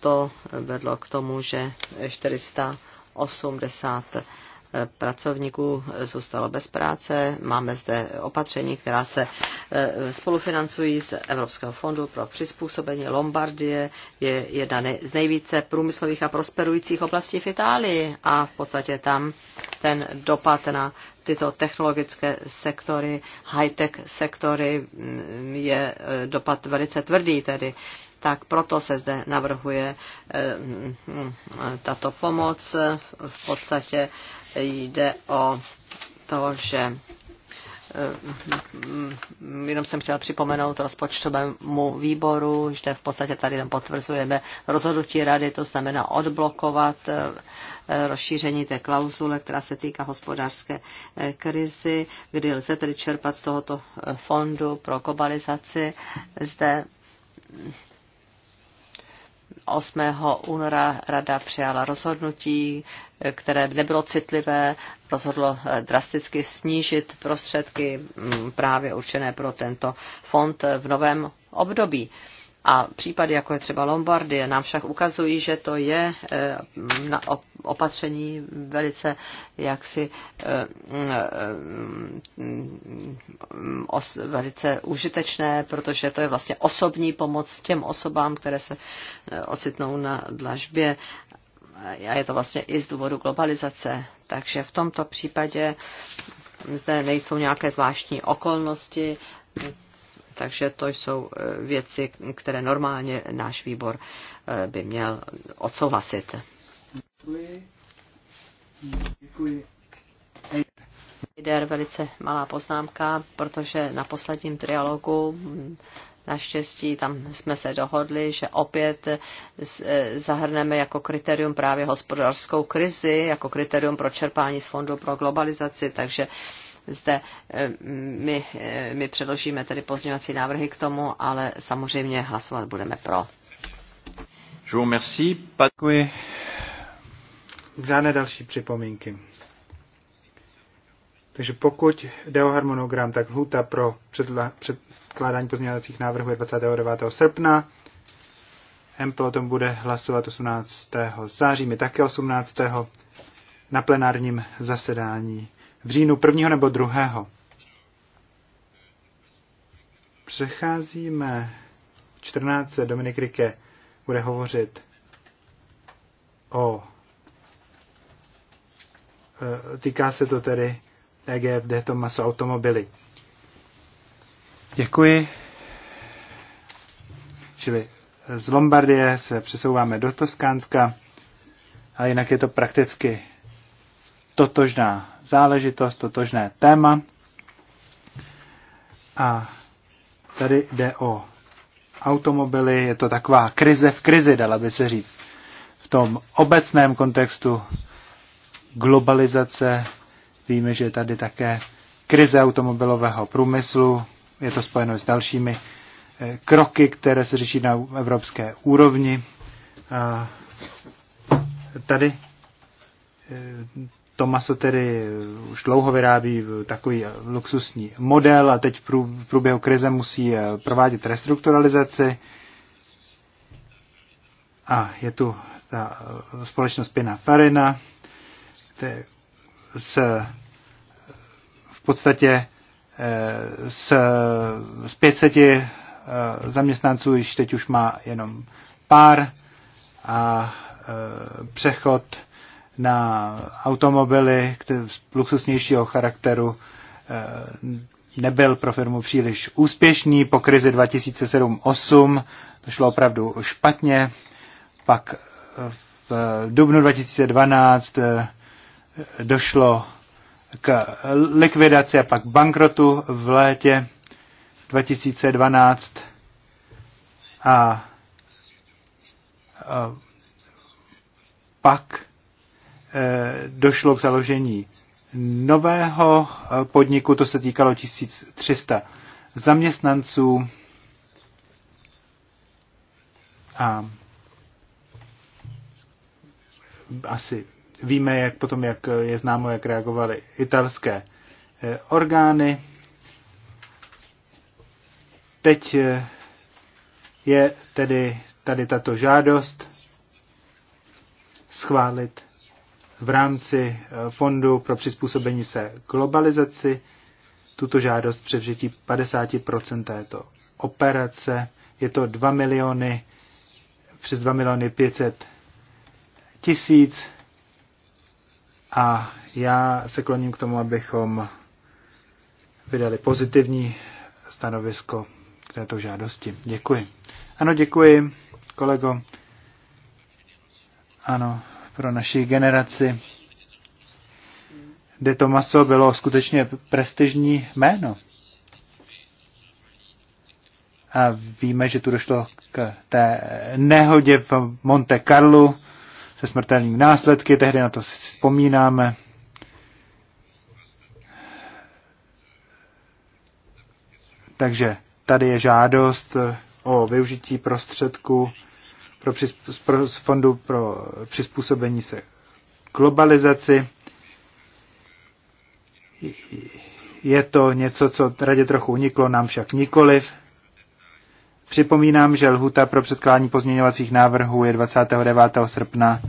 to vedlo k tomu, že 400 80 eh, pracovníků zůstalo bez práce. Máme zde opatření, která se eh, spolufinancují z Evropského fondu pro přizpůsobení. Lombardie je jedna z nejvíce průmyslových a prosperujících oblastí v Itálii a v podstatě tam ten dopad na tyto technologické sektory, high-tech sektory mm, je eh, dopad velice tvrdý tedy tak proto se zde navrhuje eh, mm, mm, tato pomoc. V podstatě jde o to, že eh, mm, jenom jsem chtěla připomenout rozpočtovému výboru, že v podstatě tady jenom potvrzujeme rozhodnutí rady, to znamená odblokovat eh, rozšíření té klauzule, která se týká hospodářské krizi, kdy lze tedy čerpat z tohoto fondu pro globalizaci. Zde 8. února rada přijala rozhodnutí, které nebylo citlivé, rozhodlo eh, drasticky snížit prostředky mm, právě určené pro tento fond eh, v novém období. A případy, jako je třeba Lombardie, nám však ukazují, že to je eh, na opatření velice jaksi eh, eh, velice užitečné, protože to je vlastně osobní pomoc těm osobám, které se ocitnou na dlažbě a je to vlastně i z důvodu globalizace. Takže v tomto případě zde nejsou nějaké zvláštní okolnosti, takže to jsou e, věci, které normálně náš výbor e, by měl odsouhlasit. Děkuji. Děkuji. Eider, velice malá poznámka, protože na posledním trialogu hm, Naštěstí tam jsme se dohodli, že opět e, zahrneme jako kritérium právě hospodářskou krizi, jako kritérium pro čerpání z fondu pro globalizaci, takže zde eh, my, eh, my předložíme tedy pozměňovací návrhy k tomu, ale samozřejmě hlasovat budeme pro. Děkuji. Žádné další připomínky. Takže pokud jde o harmonogram, tak lhuta pro předkládání pozměňovacích návrhů je 29. srpna. MPL o tom bude hlasovat 18. září, my také 18. na plenárním zasedání v říjnu prvního nebo druhého. Přecházíme 14. Dominik Rike bude hovořit o e, týká se to tedy EGFD, Tomaso automobily. Děkuji. Čili z Lombardie se přesouváme do Toskánska, ale jinak je to prakticky totožná záležitost, totožné téma. A tady jde o automobily, je to taková krize v krizi, dala by se říct. V tom obecném kontextu globalizace víme, že je tady také krize automobilového průmyslu, je to spojeno s dalšími eh, kroky, které se řeší na evropské úrovni. A tady eh, to maso tedy už dlouho vyrábí takový luxusní model a teď v průběhu krize musí eh, provádět restrukturalizaci. A je tu ta eh, společnost Pina Farina, se v podstatě z, z 500 zaměstnanců již teď už má jenom pár a eh, přechod na automobily luxusnějšího charakteru eh, nebyl pro firmu příliš úspěšný. Po krizi 2007-2008 to šlo opravdu špatně. Pak eh, v dubnu 2012 eh, došlo k likvidaci a pak bankrotu v létě 2012 a pak Eh, došlo k založení nového eh, podniku, to se týkalo 1300 zaměstnanců. A asi víme, jak potom, jak je známo, jak reagovaly italské eh, orgány. Teď je tedy tady tato žádost schválit v rámci eh, Fondu pro přizpůsobení se globalizaci tuto žádost převzetí 50% této operace. Je to 2 miliony, přes 2 miliony 500 tisíc a já se kloním k tomu, abychom vydali pozitivní stanovisko k této žádosti. Děkuji. Ano, děkuji, kolego. Ano, pro naši generaci. De Tomaso bylo skutečně prestižní jméno. A víme, že tu došlo k té nehodě v Monte Carlo se smrtelnými následky, tehdy na to si vzpomínáme. Takže tady je žádost o využití prostředku pro přizp- z fondu pro přizpůsobení se globalizaci. Je to něco, co radě trochu uniklo, nám však nikoliv. Připomínám, že lhuta pro předkládání pozměňovacích návrhů je 29. srpna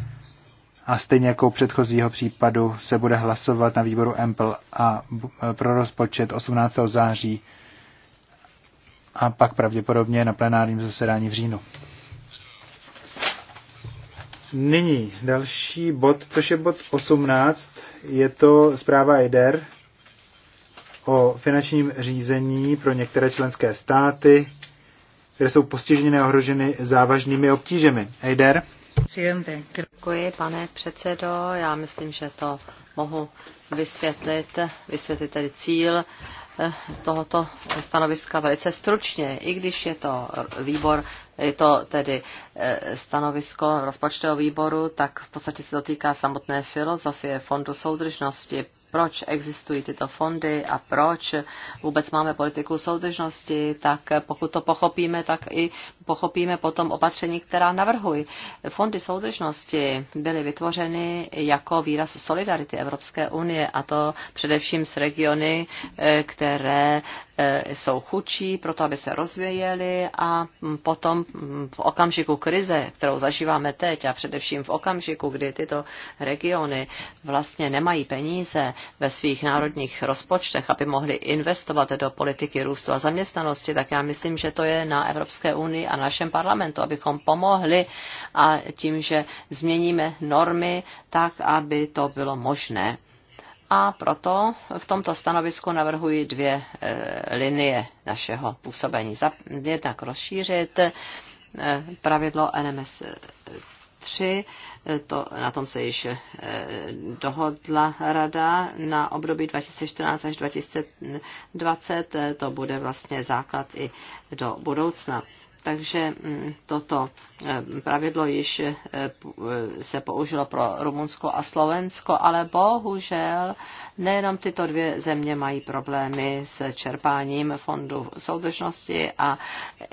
a stejně jako u předchozího případu se bude hlasovat na výboru EMPL a pro rozpočet 18. září a pak pravděpodobně na plenárním zasedání v říjnu. Nyní další bod, což je bod 18, je to zpráva EDER o finančním řízení pro některé členské státy, které jsou postiženy a ohroženy závažnými obtížemi. EDER. Děkuji, pane předsedo. Já myslím, že to mohu vysvětlit, vysvětlit tedy cíl Eh, tohoto stanoviska velice stručně, i když je to výbor, je to tedy eh, stanovisko rozpočtového výboru, tak v podstatě se dotýká samotné filozofie Fondu soudržnosti, proč existují tyto fondy a proč vůbec máme politiku soudržnosti, tak pokud to pochopíme, tak i pochopíme potom opatření, která navrhují. Fondy soudržnosti byly vytvořeny jako výraz solidarity Evropské unie a to především s regiony, eh, které Eh, jsou chudší, proto aby se rozvějeli a potom v okamžiku krize, kterou zažíváme teď a především v okamžiku, kdy tyto regiony vlastně nemají peníze ve svých národních rozpočtech, aby mohli investovat do politiky růstu a zaměstnanosti, tak já myslím, že to je na Evropské unii a našem parlamentu, abychom pomohli a tím, že změníme normy tak, aby to bylo možné. A proto v tomto stanovisku navrhuji dvě eh, linie našeho působení. Jednak rozšířit eh, pravidlo NMS 3, eh, to, na tom se již dohodla rada na období 2014 až 2020, to bude vlastně základ i do budoucna. Takže mm, toto eh, pravidlo již eh, eh, se použilo pro Rumunsko a Slovensko, ale bohužel Nejenom tyto dvě země mají problémy s čerpáním fondu soudržnosti a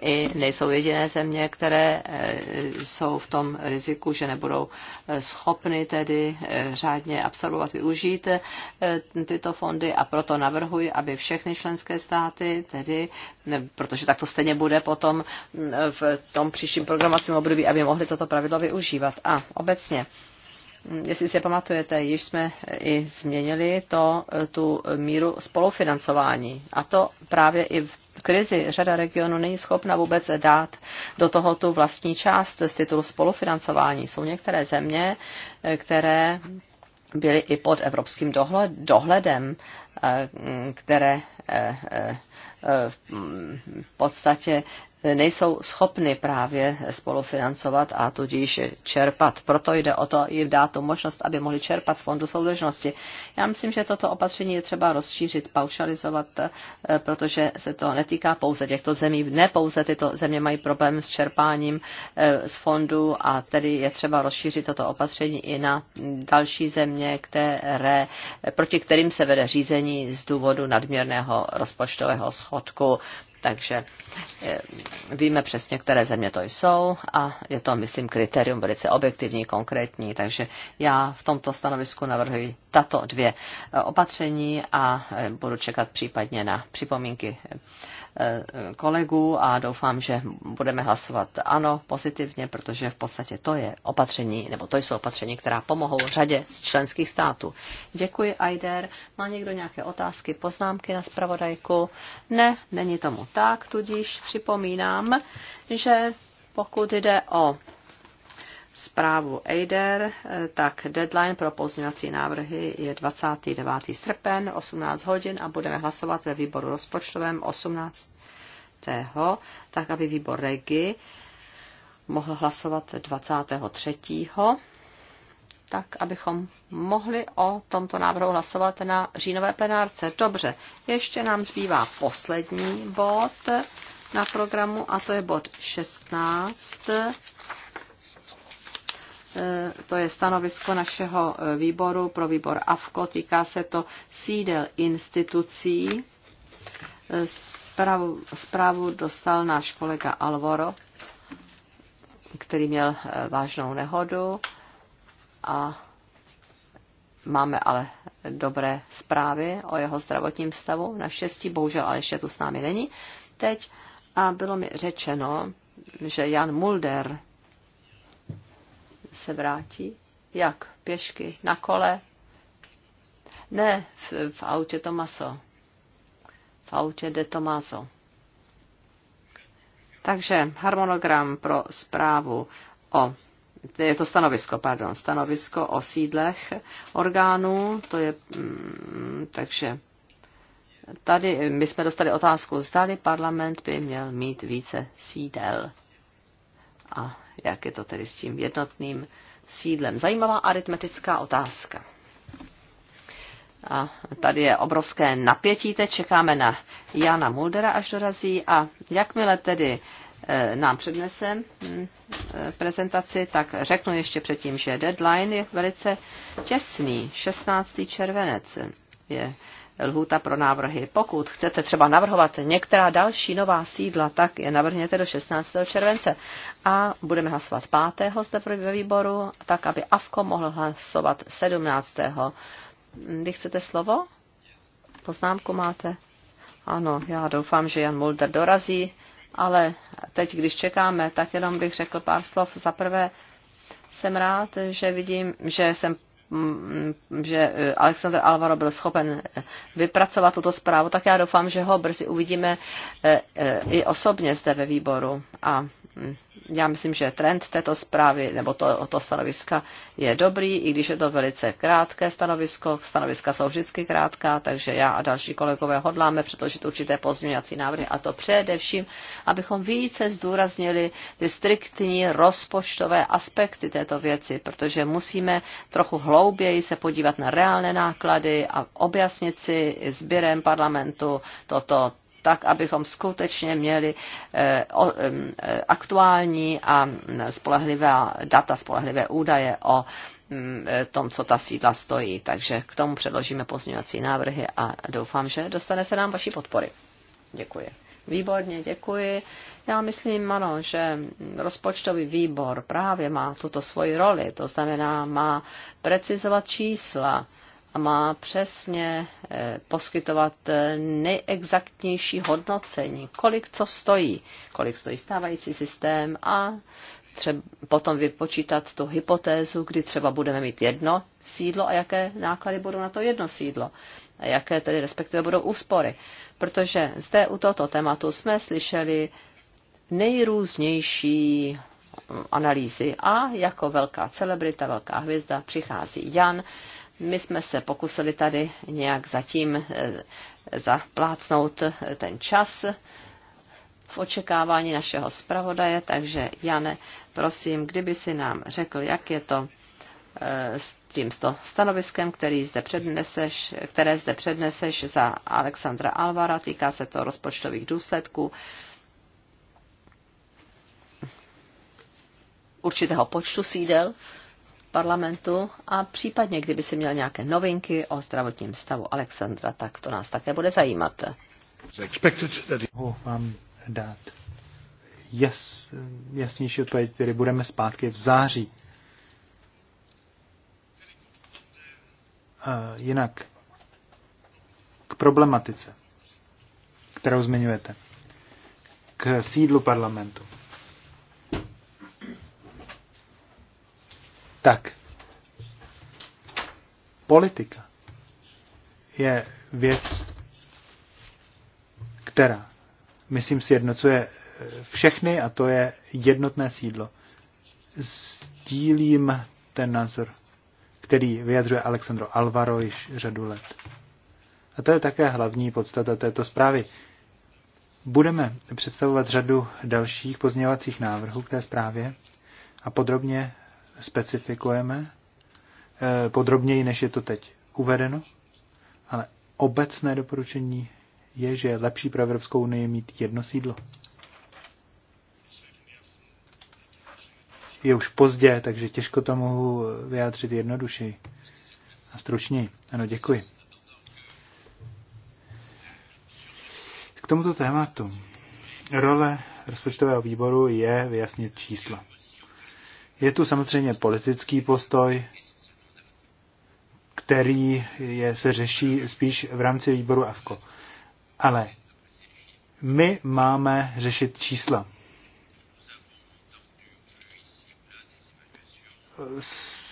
i nejsou jediné země, které e, jsou v tom riziku, že nebudou e, schopny tedy e, řádně absolvovat, využít tyto fondy a proto navrhuji, aby všechny členské státy, tedy, ne, protože tak to stejně bude potom v tom příštím programovacím období, aby mohli toto pravidlo využívat. A obecně Mm, jestli si pamatujete, již jsme eh, i změnili to, eh, tu míru spolufinancování. A to právě i v krizi řada regionů není schopna vůbec dát do toho tu vlastní část z titulu spolufinancování. Jsou některé země, eh, které byly i pod evropským dohledem, které v podstatě nejsou schopny právě spolufinancovat a tudíž čerpat. Proto jde o to jim dát tu možnost, aby mohli čerpat z fondu soudržnosti. Já myslím, že toto opatření je třeba rozšířit, paušalizovat, eh, protože se to netýká pouze těchto zemí. Ne pouze tyto země mají problém s čerpáním eh, z fondu a tedy je třeba rozšířit toto opatření i na další země, které, eh, proti kterým se vede řízení z důvodu nadměrného rozpočtového schodku. Takže eh, víme přesně, které země to jsou a je to, myslím, kritérium velice objektivní, konkrétní. Takže já v tomto stanovisku navrhuji tato dvě eh, opatření a eh, budu čekat případně na připomínky Eh, kolegů a doufám, že budeme hlasovat ano pozitivně, protože v podstatě to je opatření, nebo to jsou opatření, která pomohou řadě z členských států. Děkuji, Aider. Má někdo nějaké otázky, poznámky na zpravodajku? Ne, není tomu tak, tudíž připomínám, že pokud jde o zprávu EIDER, eh, tak deadline pro pozměňovací návrhy je 29. srpen 18 hodin a budeme hlasovat ve výboru rozpočtovém 18. tak aby výbor REGI mohl hlasovat 23. tak abychom mohli o tomto návrhu hlasovat na říjnové plenárce. Dobře, ještě nám zbývá poslední bod na programu a to je bod 16 E, to je stanovisko našeho e, výboru pro výbor AFKO, týká se to sídel institucí. E, zprávu, zprávu dostal náš kolega Alvoro, který měl vážnou nehodu a máme ale dobré zprávy o jeho zdravotním stavu. Naštěstí, bohužel, ale ještě tu s námi není teď. A bylo mi řečeno, že Jan Mulder, se vrátí? Jak? Pěšky? Na kole? Ne, v, v autě Tomaso. V autě de Tomaso. Takže harmonogram pro zprávu o je to stanovisko, pardon, stanovisko o sídlech orgánů, to je, mm, takže tady my jsme dostali otázku, zdali parlament by měl mít více sídel. A jak je to tedy s tím jednotným sídlem. Zajímavá aritmetická otázka. A tady je obrovské napětí, teď čekáme na Jana Muldera, až dorazí a jakmile tedy eh, nám přednese hm, eh, prezentaci, tak řeknu ještě předtím, že deadline je velice těsný. 16. červenec je lhůta pro návrhy. Pokud chcete třeba navrhovat některá další nová sídla, tak je navrhněte do 16. července. A budeme hlasovat 5. zde ve výboru, tak aby AFKO mohl hlasovat 17. Vy chcete slovo? Poznámku máte? Ano, já doufám, že Jan Mulder dorazí, ale teď, když čekáme, tak jenom bych řekl pár slov. Za prvé, jsem rád, že vidím, že jsem Mm, že eh, Alexander Alvaro byl schopen eh, vypracovat tuto zprávu, tak já doufám, že ho brzy uvidíme eh, i osobně zde ve výboru. A já myslím, že trend této zprávy nebo to, to stanoviska je dobrý, i když je to velice krátké stanovisko. Stanoviska jsou vždycky krátká, takže já a další kolegové hodláme předložit určité pozměňovací návrhy a to především, abychom více zdůraznili ty striktní rozpočtové aspekty této věci, protože musíme trochu hlouběji se podívat na reálné náklady a objasnit si sběrem parlamentu toto tak abychom skutečně měli eh, eh, aktuální a spolehlivá data, spolehlivé údaje o mm, eh, tom, co ta sídla stojí. Takže k tomu předložíme pozměňovací návrhy a doufám, že dostane se nám vaší podpory. Děkuji. Výborně, děkuji. Já myslím, ano, že rozpočtový výbor právě má tuto svoji roli, to znamená, má precizovat čísla, má přesně eh, poskytovat eh, nejexaktnější hodnocení, kolik co stojí, kolik stojí stávající systém a třeba potom vypočítat tu hypotézu, kdy třeba budeme mít jedno sídlo a jaké náklady budou na to jedno sídlo a jaké tedy respektive budou úspory. Protože zde u tohoto tématu jsme slyšeli nejrůznější eh, analýzy a jako velká celebrita, velká hvězda přichází Jan, my jsme se pokusili tady nějak zatím eh, zaplácnout eh, ten čas v očekávání našeho zpravodaje, takže Jane, prosím, kdyby si nám řekl, jak je to eh, s tímto stanoviskem, který zde předneseš, které zde předneseš za Alexandra Alvara, týká se to rozpočtových důsledků určitého počtu sídel parlamentu a případně, kdyby si měl nějaké novinky o zdravotním stavu Alexandra, tak to nás také bude zajímat. Mohu vám dát jas, jasnější odpověď, tedy budeme zpátky v září. Uh, jinak k problematice, kterou zmiňujete, k sídlu parlamentu. tak politika je věc, která, myslím si, jednocuje eh, všechny a to je jednotné sídlo. Sdílím ten názor, který vyjadřuje Alexandro Alvaro již řadu let. A to je také hlavní podstata této zprávy. Budeme představovat řadu dalších pozměňovacích návrhů k té zprávě a podrobně specifikujeme eh, podrobněji, než je to teď uvedeno, ale obecné doporučení je, že je lepší pro Evropskou unii mít jedno sídlo. Je už pozdě, takže těžko to mohu vyjádřit jednodušeji a stručněji. Ano, děkuji. K tomuto tématu. Role rozpočtového výboru je vyjasnit čísla. Je tu samozřejmě politický postoj, který je, se řeší spíš v rámci výboru AFKO. Ale my máme řešit čísla.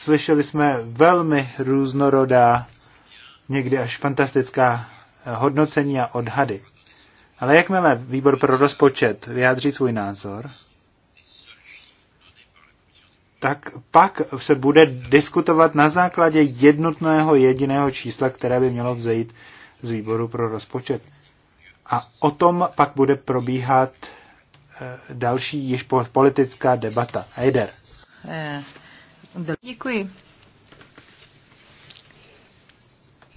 Slyšeli jsme velmi různorodá, někdy až fantastická hodnocení a odhady. Ale jakmile výbor pro rozpočet vyjádří svůj názor, tak pak se bude diskutovat na základě jednotného jediného čísla, které by mělo vzejít z výboru pro rozpočet. A o tom pak bude probíhat eh, další již politická debata. Eider. Eh, děkuji.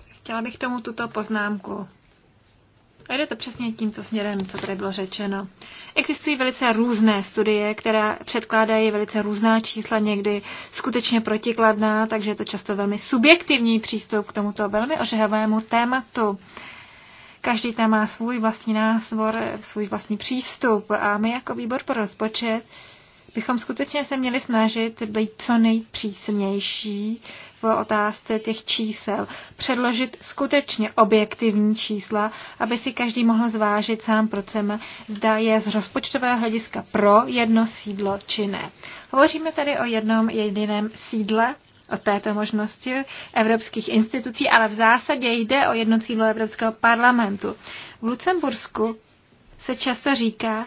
Chtěla bych tomu tuto poznámku. A jde to přesně tím, co směrem, co tady bylo řečeno. Existují velice různé studie, které předkládají velice různá čísla, někdy skutečně protikladná, takže je to často velmi subjektivní přístup k tomuto velmi ořehavému tématu. Každý tam má svůj vlastní násvor, svůj vlastní přístup a my jako výbor pro rozpočet bychom skutečně se měli snažit být co nejpřísnější v otázce těch čísel. Předložit skutečně objektivní čísla, aby si každý mohl zvážit sám pro sebe, zda je z rozpočtového hlediska pro jedno sídlo či ne. Hovoříme tady o jednom jediném sídle, o této možnosti evropských institucí, ale v zásadě jde o jedno sídlo Evropského parlamentu. V Lucembursku se často říká,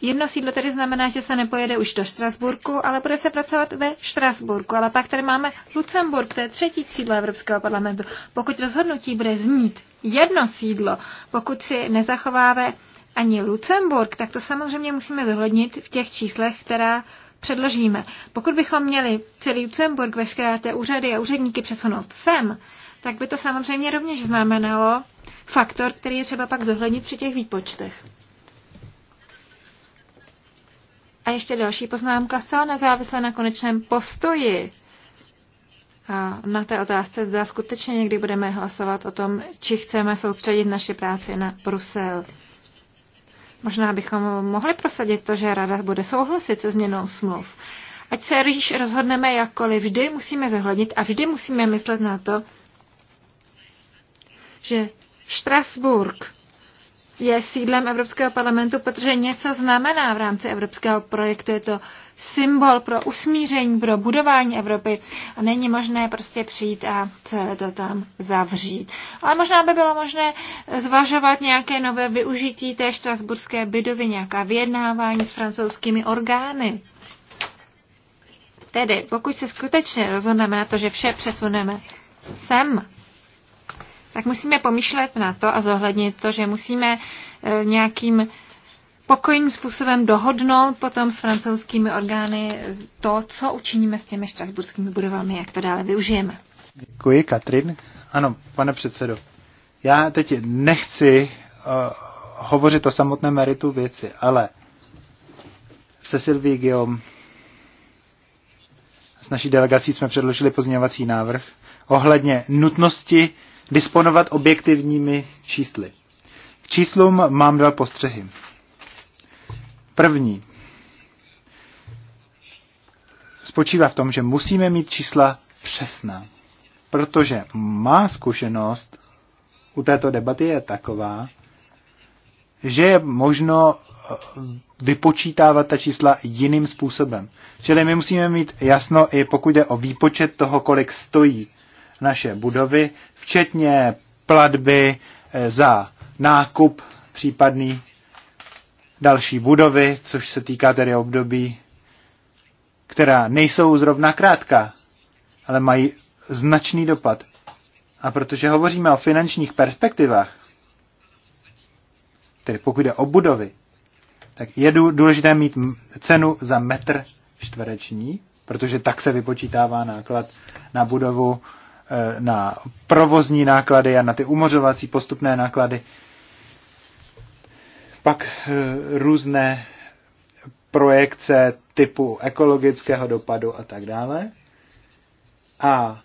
Jedno sídlo tedy znamená, že se nepojede už do Štrasburku, ale bude se pracovat ve Štrasburku. Ale pak tady máme Lucemburk, to je třetí sídlo Evropského parlamentu. Pokud rozhodnutí bude znít jedno sídlo, pokud si nezachováme ani Lucemburk, tak to samozřejmě musíme zohlednit v těch číslech, která předložíme. Pokud bychom měli celý Lucemburk, veškeré té úřady a úředníky přesunout sem, tak by to samozřejmě rovněž znamenalo faktor, který je třeba pak zohlednit při těch výpočtech. A ještě další poznámka, zcela nezávisle na konečném postoji. A na té otázce, zda skutečně někdy budeme hlasovat o tom, či chceme soustředit naši práci na Brusel. Možná bychom mohli prosadit to, že Rada bude souhlasit se změnou smluv. Ať se již rozhodneme jakkoliv, vždy musíme zohlednit a vždy musíme myslet na to, že Štrasburg je sídlem Evropského parlamentu, protože něco znamená v rámci evropského projektu. Je to symbol pro usmíření, pro budování Evropy a není možné prostě přijít a celé to tam zavřít. Ale možná by bylo možné zvažovat nějaké nové využití té štrasburské bydovy, nějaká vyjednávání s francouzskými orgány. Tedy, pokud se skutečně rozhodneme na to, že vše přesuneme sem, tak musíme pomýšlet na to a zohlednit to, že musíme eh, nějakým pokojným způsobem dohodnout potom s francouzskými orgány eh, to, co učiníme s těmi štrasburskými budovami, jak to dále využijeme. Děkuji, Katrin. Ano, pane předsedo. Já teď nechci uh, hovořit o samotné meritu věci, ale se Sylvie Guillaume s naší delegací jsme předložili pozměňovací návrh ohledně nutnosti disponovat objektivními čísly. K číslům mám dva postřehy. První spočívá v tom, že musíme mít čísla přesná, protože má zkušenost u této debaty je taková, že je možno eh, vypočítávat ta čísla jiným způsobem. Čili my musíme mít jasno i pokud jde o výpočet toho, kolik stojí naše budovy, včetně platby eh, za nákup případný další budovy, což se týká tedy období, která nejsou zrovna krátká, ale mají značný dopad. A protože hovoříme o finančních perspektivách, tedy pokud jde o budovy, tak je důležité mít cenu za metr čtvereční, protože tak se vypočítává náklad na budovu Eh, na provozní náklady a na ty umořovací postupné náklady. Pak eh, různé projekce typu ekologického dopadu a tak dále. A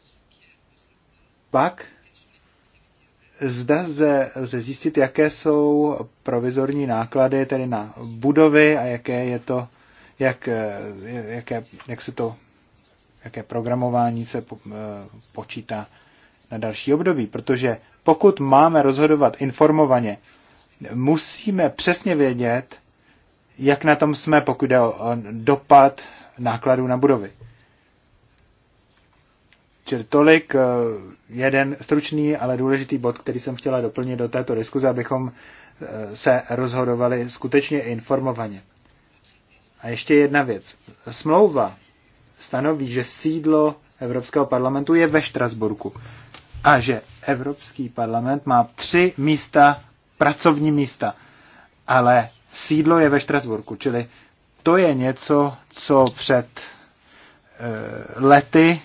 pak zda se, se zjistit, jaké jsou provizorní náklady tedy na budovy a jaké je to, jak, eh, jaké, jak se to jaké programování se eh, počítá na další období. Protože pokud máme rozhodovat informovaně, musíme přesně vědět, jak na tom jsme, pokud jde o dopad nákladů na budovy. Čili tolik eh, jeden stručný, ale důležitý bod, který jsem chtěla doplnit do této diskuze, abychom eh, se rozhodovali skutečně informovaně. A ještě jedna věc. Smlouva stanoví, že sídlo Evropského parlamentu je ve Štrasburku a že Evropský parlament má tři místa, pracovní místa, ale sídlo je ve Štrasburku, čili to je něco, co před e, lety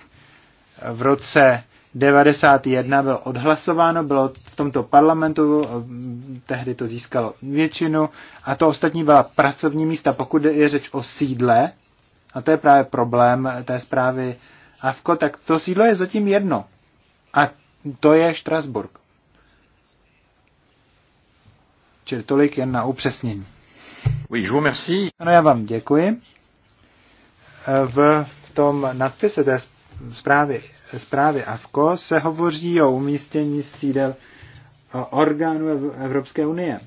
v roce 91 bylo odhlasováno, bylo v tomto parlamentu, eh, tehdy to získalo většinu a to ostatní byla pracovní místa. Pokud je řeč o sídle, a to je právě problém té zprávy AFKO, tak to sídlo je zatím jedno. A to je Štrasburg. Čili tolik jen na upřesnění. Oui, je vous merci. Ano, já vám děkuji. V tom nadpise té zprávy, zprávy AFKO se hovoří o umístění sídel orgánů Evropské unie.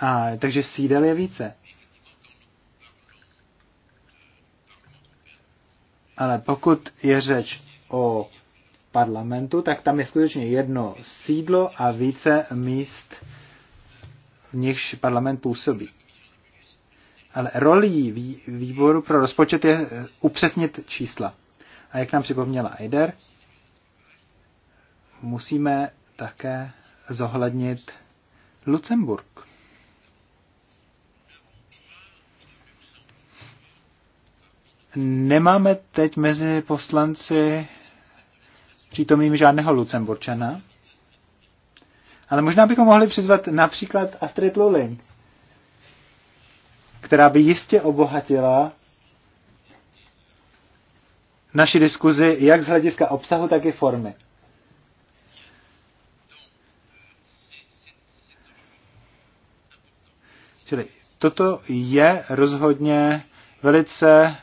A, takže sídel je více. Ale pokud je řeč o parlamentu, tak tam je skutečně jedno sídlo a více míst, v nichž parlament působí. Ale rolí výboru pro rozpočet je eh, upřesnit čísla. A jak nám připomněla Eider, musíme také zohlednit Lucemburg. Nemáme teď mezi poslanci přítomnými žádného Lucemburčana, ale možná bychom mohli přizvat například Astrid Luling, která by jistě obohatila naši diskuzi jak z hlediska obsahu, tak i formy. Čili toto je rozhodně velice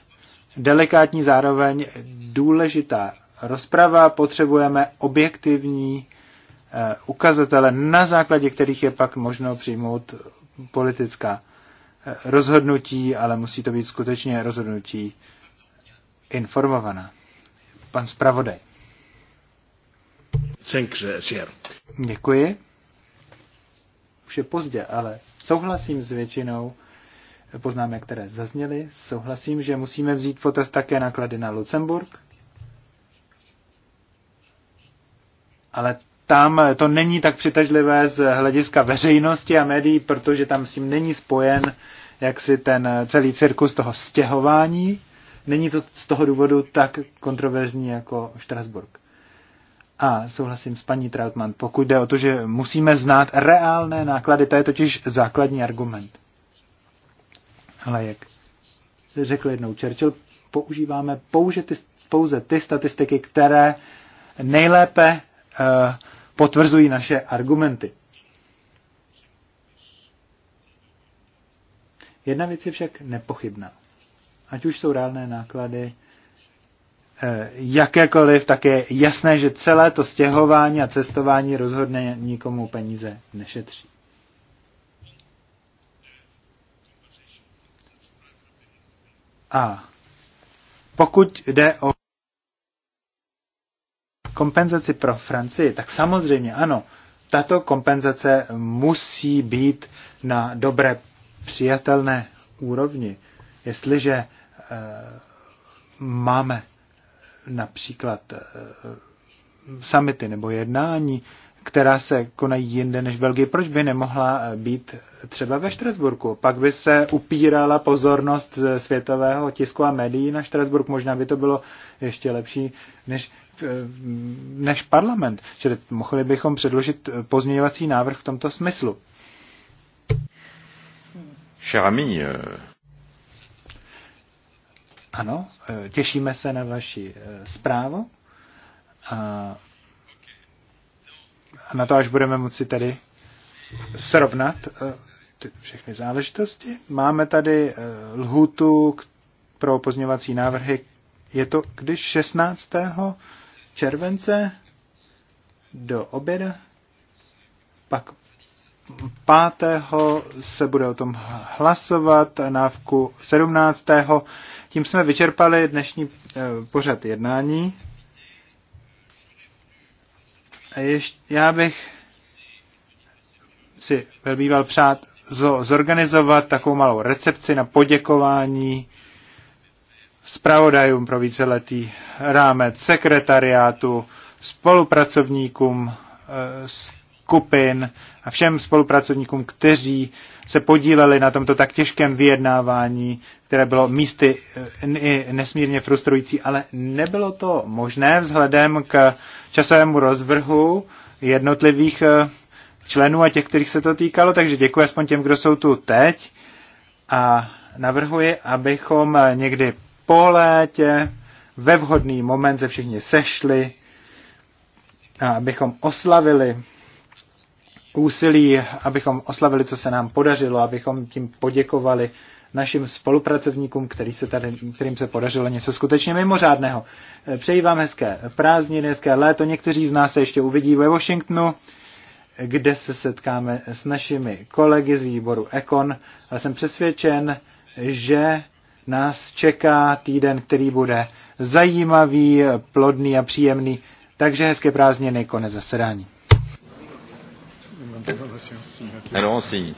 delikátní, zároveň důležitá rozprava. Potřebujeme objektivní eh, ukazatele, na základě kterých je pak možno přijmout politická eh, rozhodnutí, ale musí to být skutečně rozhodnutí informovaná. Pan zpravodaj. Děkuji. Už je pozdě, ale souhlasím s většinou poznámek, které zazněly. Souhlasím, že musíme vzít potaz také náklady na Lucemburg. Ale tam to není tak přitažlivé z hlediska veřejnosti a médií, protože tam s tím není spojen jaksi ten celý cirkus toho stěhování. Není to z toho důvodu tak kontroverzní jako Štrasburg. A souhlasím s paní Trautmann, pokud jde o to, že musíme znát reálné náklady, to je totiž základní argument. Ale jak řekl jednou Churchill, používáme pouze ty, pouze ty statistiky, které nejlépe uh, potvrzují naše argumenty. Jedna věc je však nepochybná. Ať už jsou reálné náklady eh, jakékoliv, tak je jasné, že celé to stěhování a cestování rozhodně nikomu peníze nešetří. A pokud jde o kompenzaci pro Francii, tak samozřejmě ano, tato kompenzace musí být na dobré přijatelné úrovni. Jestliže e, máme například e, eh, samity nebo jednání která se konají jinde než v Belgii, proč by nemohla být třeba ve Štrasburku? Pak by se upírala pozornost světového tisku a médií na Štrasburg. Možná by to bylo ještě lepší než, než parlament. Čili mohli bychom předložit pozměňovací návrh v tomto smyslu. Šámí. Eh, ano, eh, těšíme se na vaši eh, zprávu. A a na to, až budeme moci tedy srovnat eh, ty všechny záležitosti. Máme tady eh, lhutu pro pozměňovací návrhy. Je to když 16. července do oběda, pak 5. se bude o tom hlasovat, návku 17. Tím jsme vyčerpali dnešní eh, pořad jednání. A ještě, já bych si velmi přát zorganizovat takovou malou recepci na poděkování zpravodajům pro víceletý rámec, sekretariátu, spolupracovníkům z eh, skupin a všem spolupracovníkům, kteří se podíleli na tomto tak těžkém vyjednávání, které bylo místy eh, nesmírně frustrující, ale nebylo to možné vzhledem k časovému rozvrhu jednotlivých eh, členů a těch, kterých se to týkalo, takže děkuji aspoň těm, kdo jsou tu teď a navrhuji, abychom eh, někdy po létě ve vhodný moment se všichni sešli a abychom oslavili úsilí, abychom oslavili, co se nám podařilo, abychom tím poděkovali našim spolupracovníkům, který se tady, kterým se podařilo něco skutečně mimořádného. Přeji vám hezké prázdniny, hezké léto. Někteří z nás se ještě uvidí ve Washingtonu, kde se setkáme s našimi kolegy z výboru Econ. Ale jsem přesvědčen, že nás čeká týden, který bude zajímavý, plodný a příjemný. Takže hezké prázdniny, konec zasedání. Alors on signe.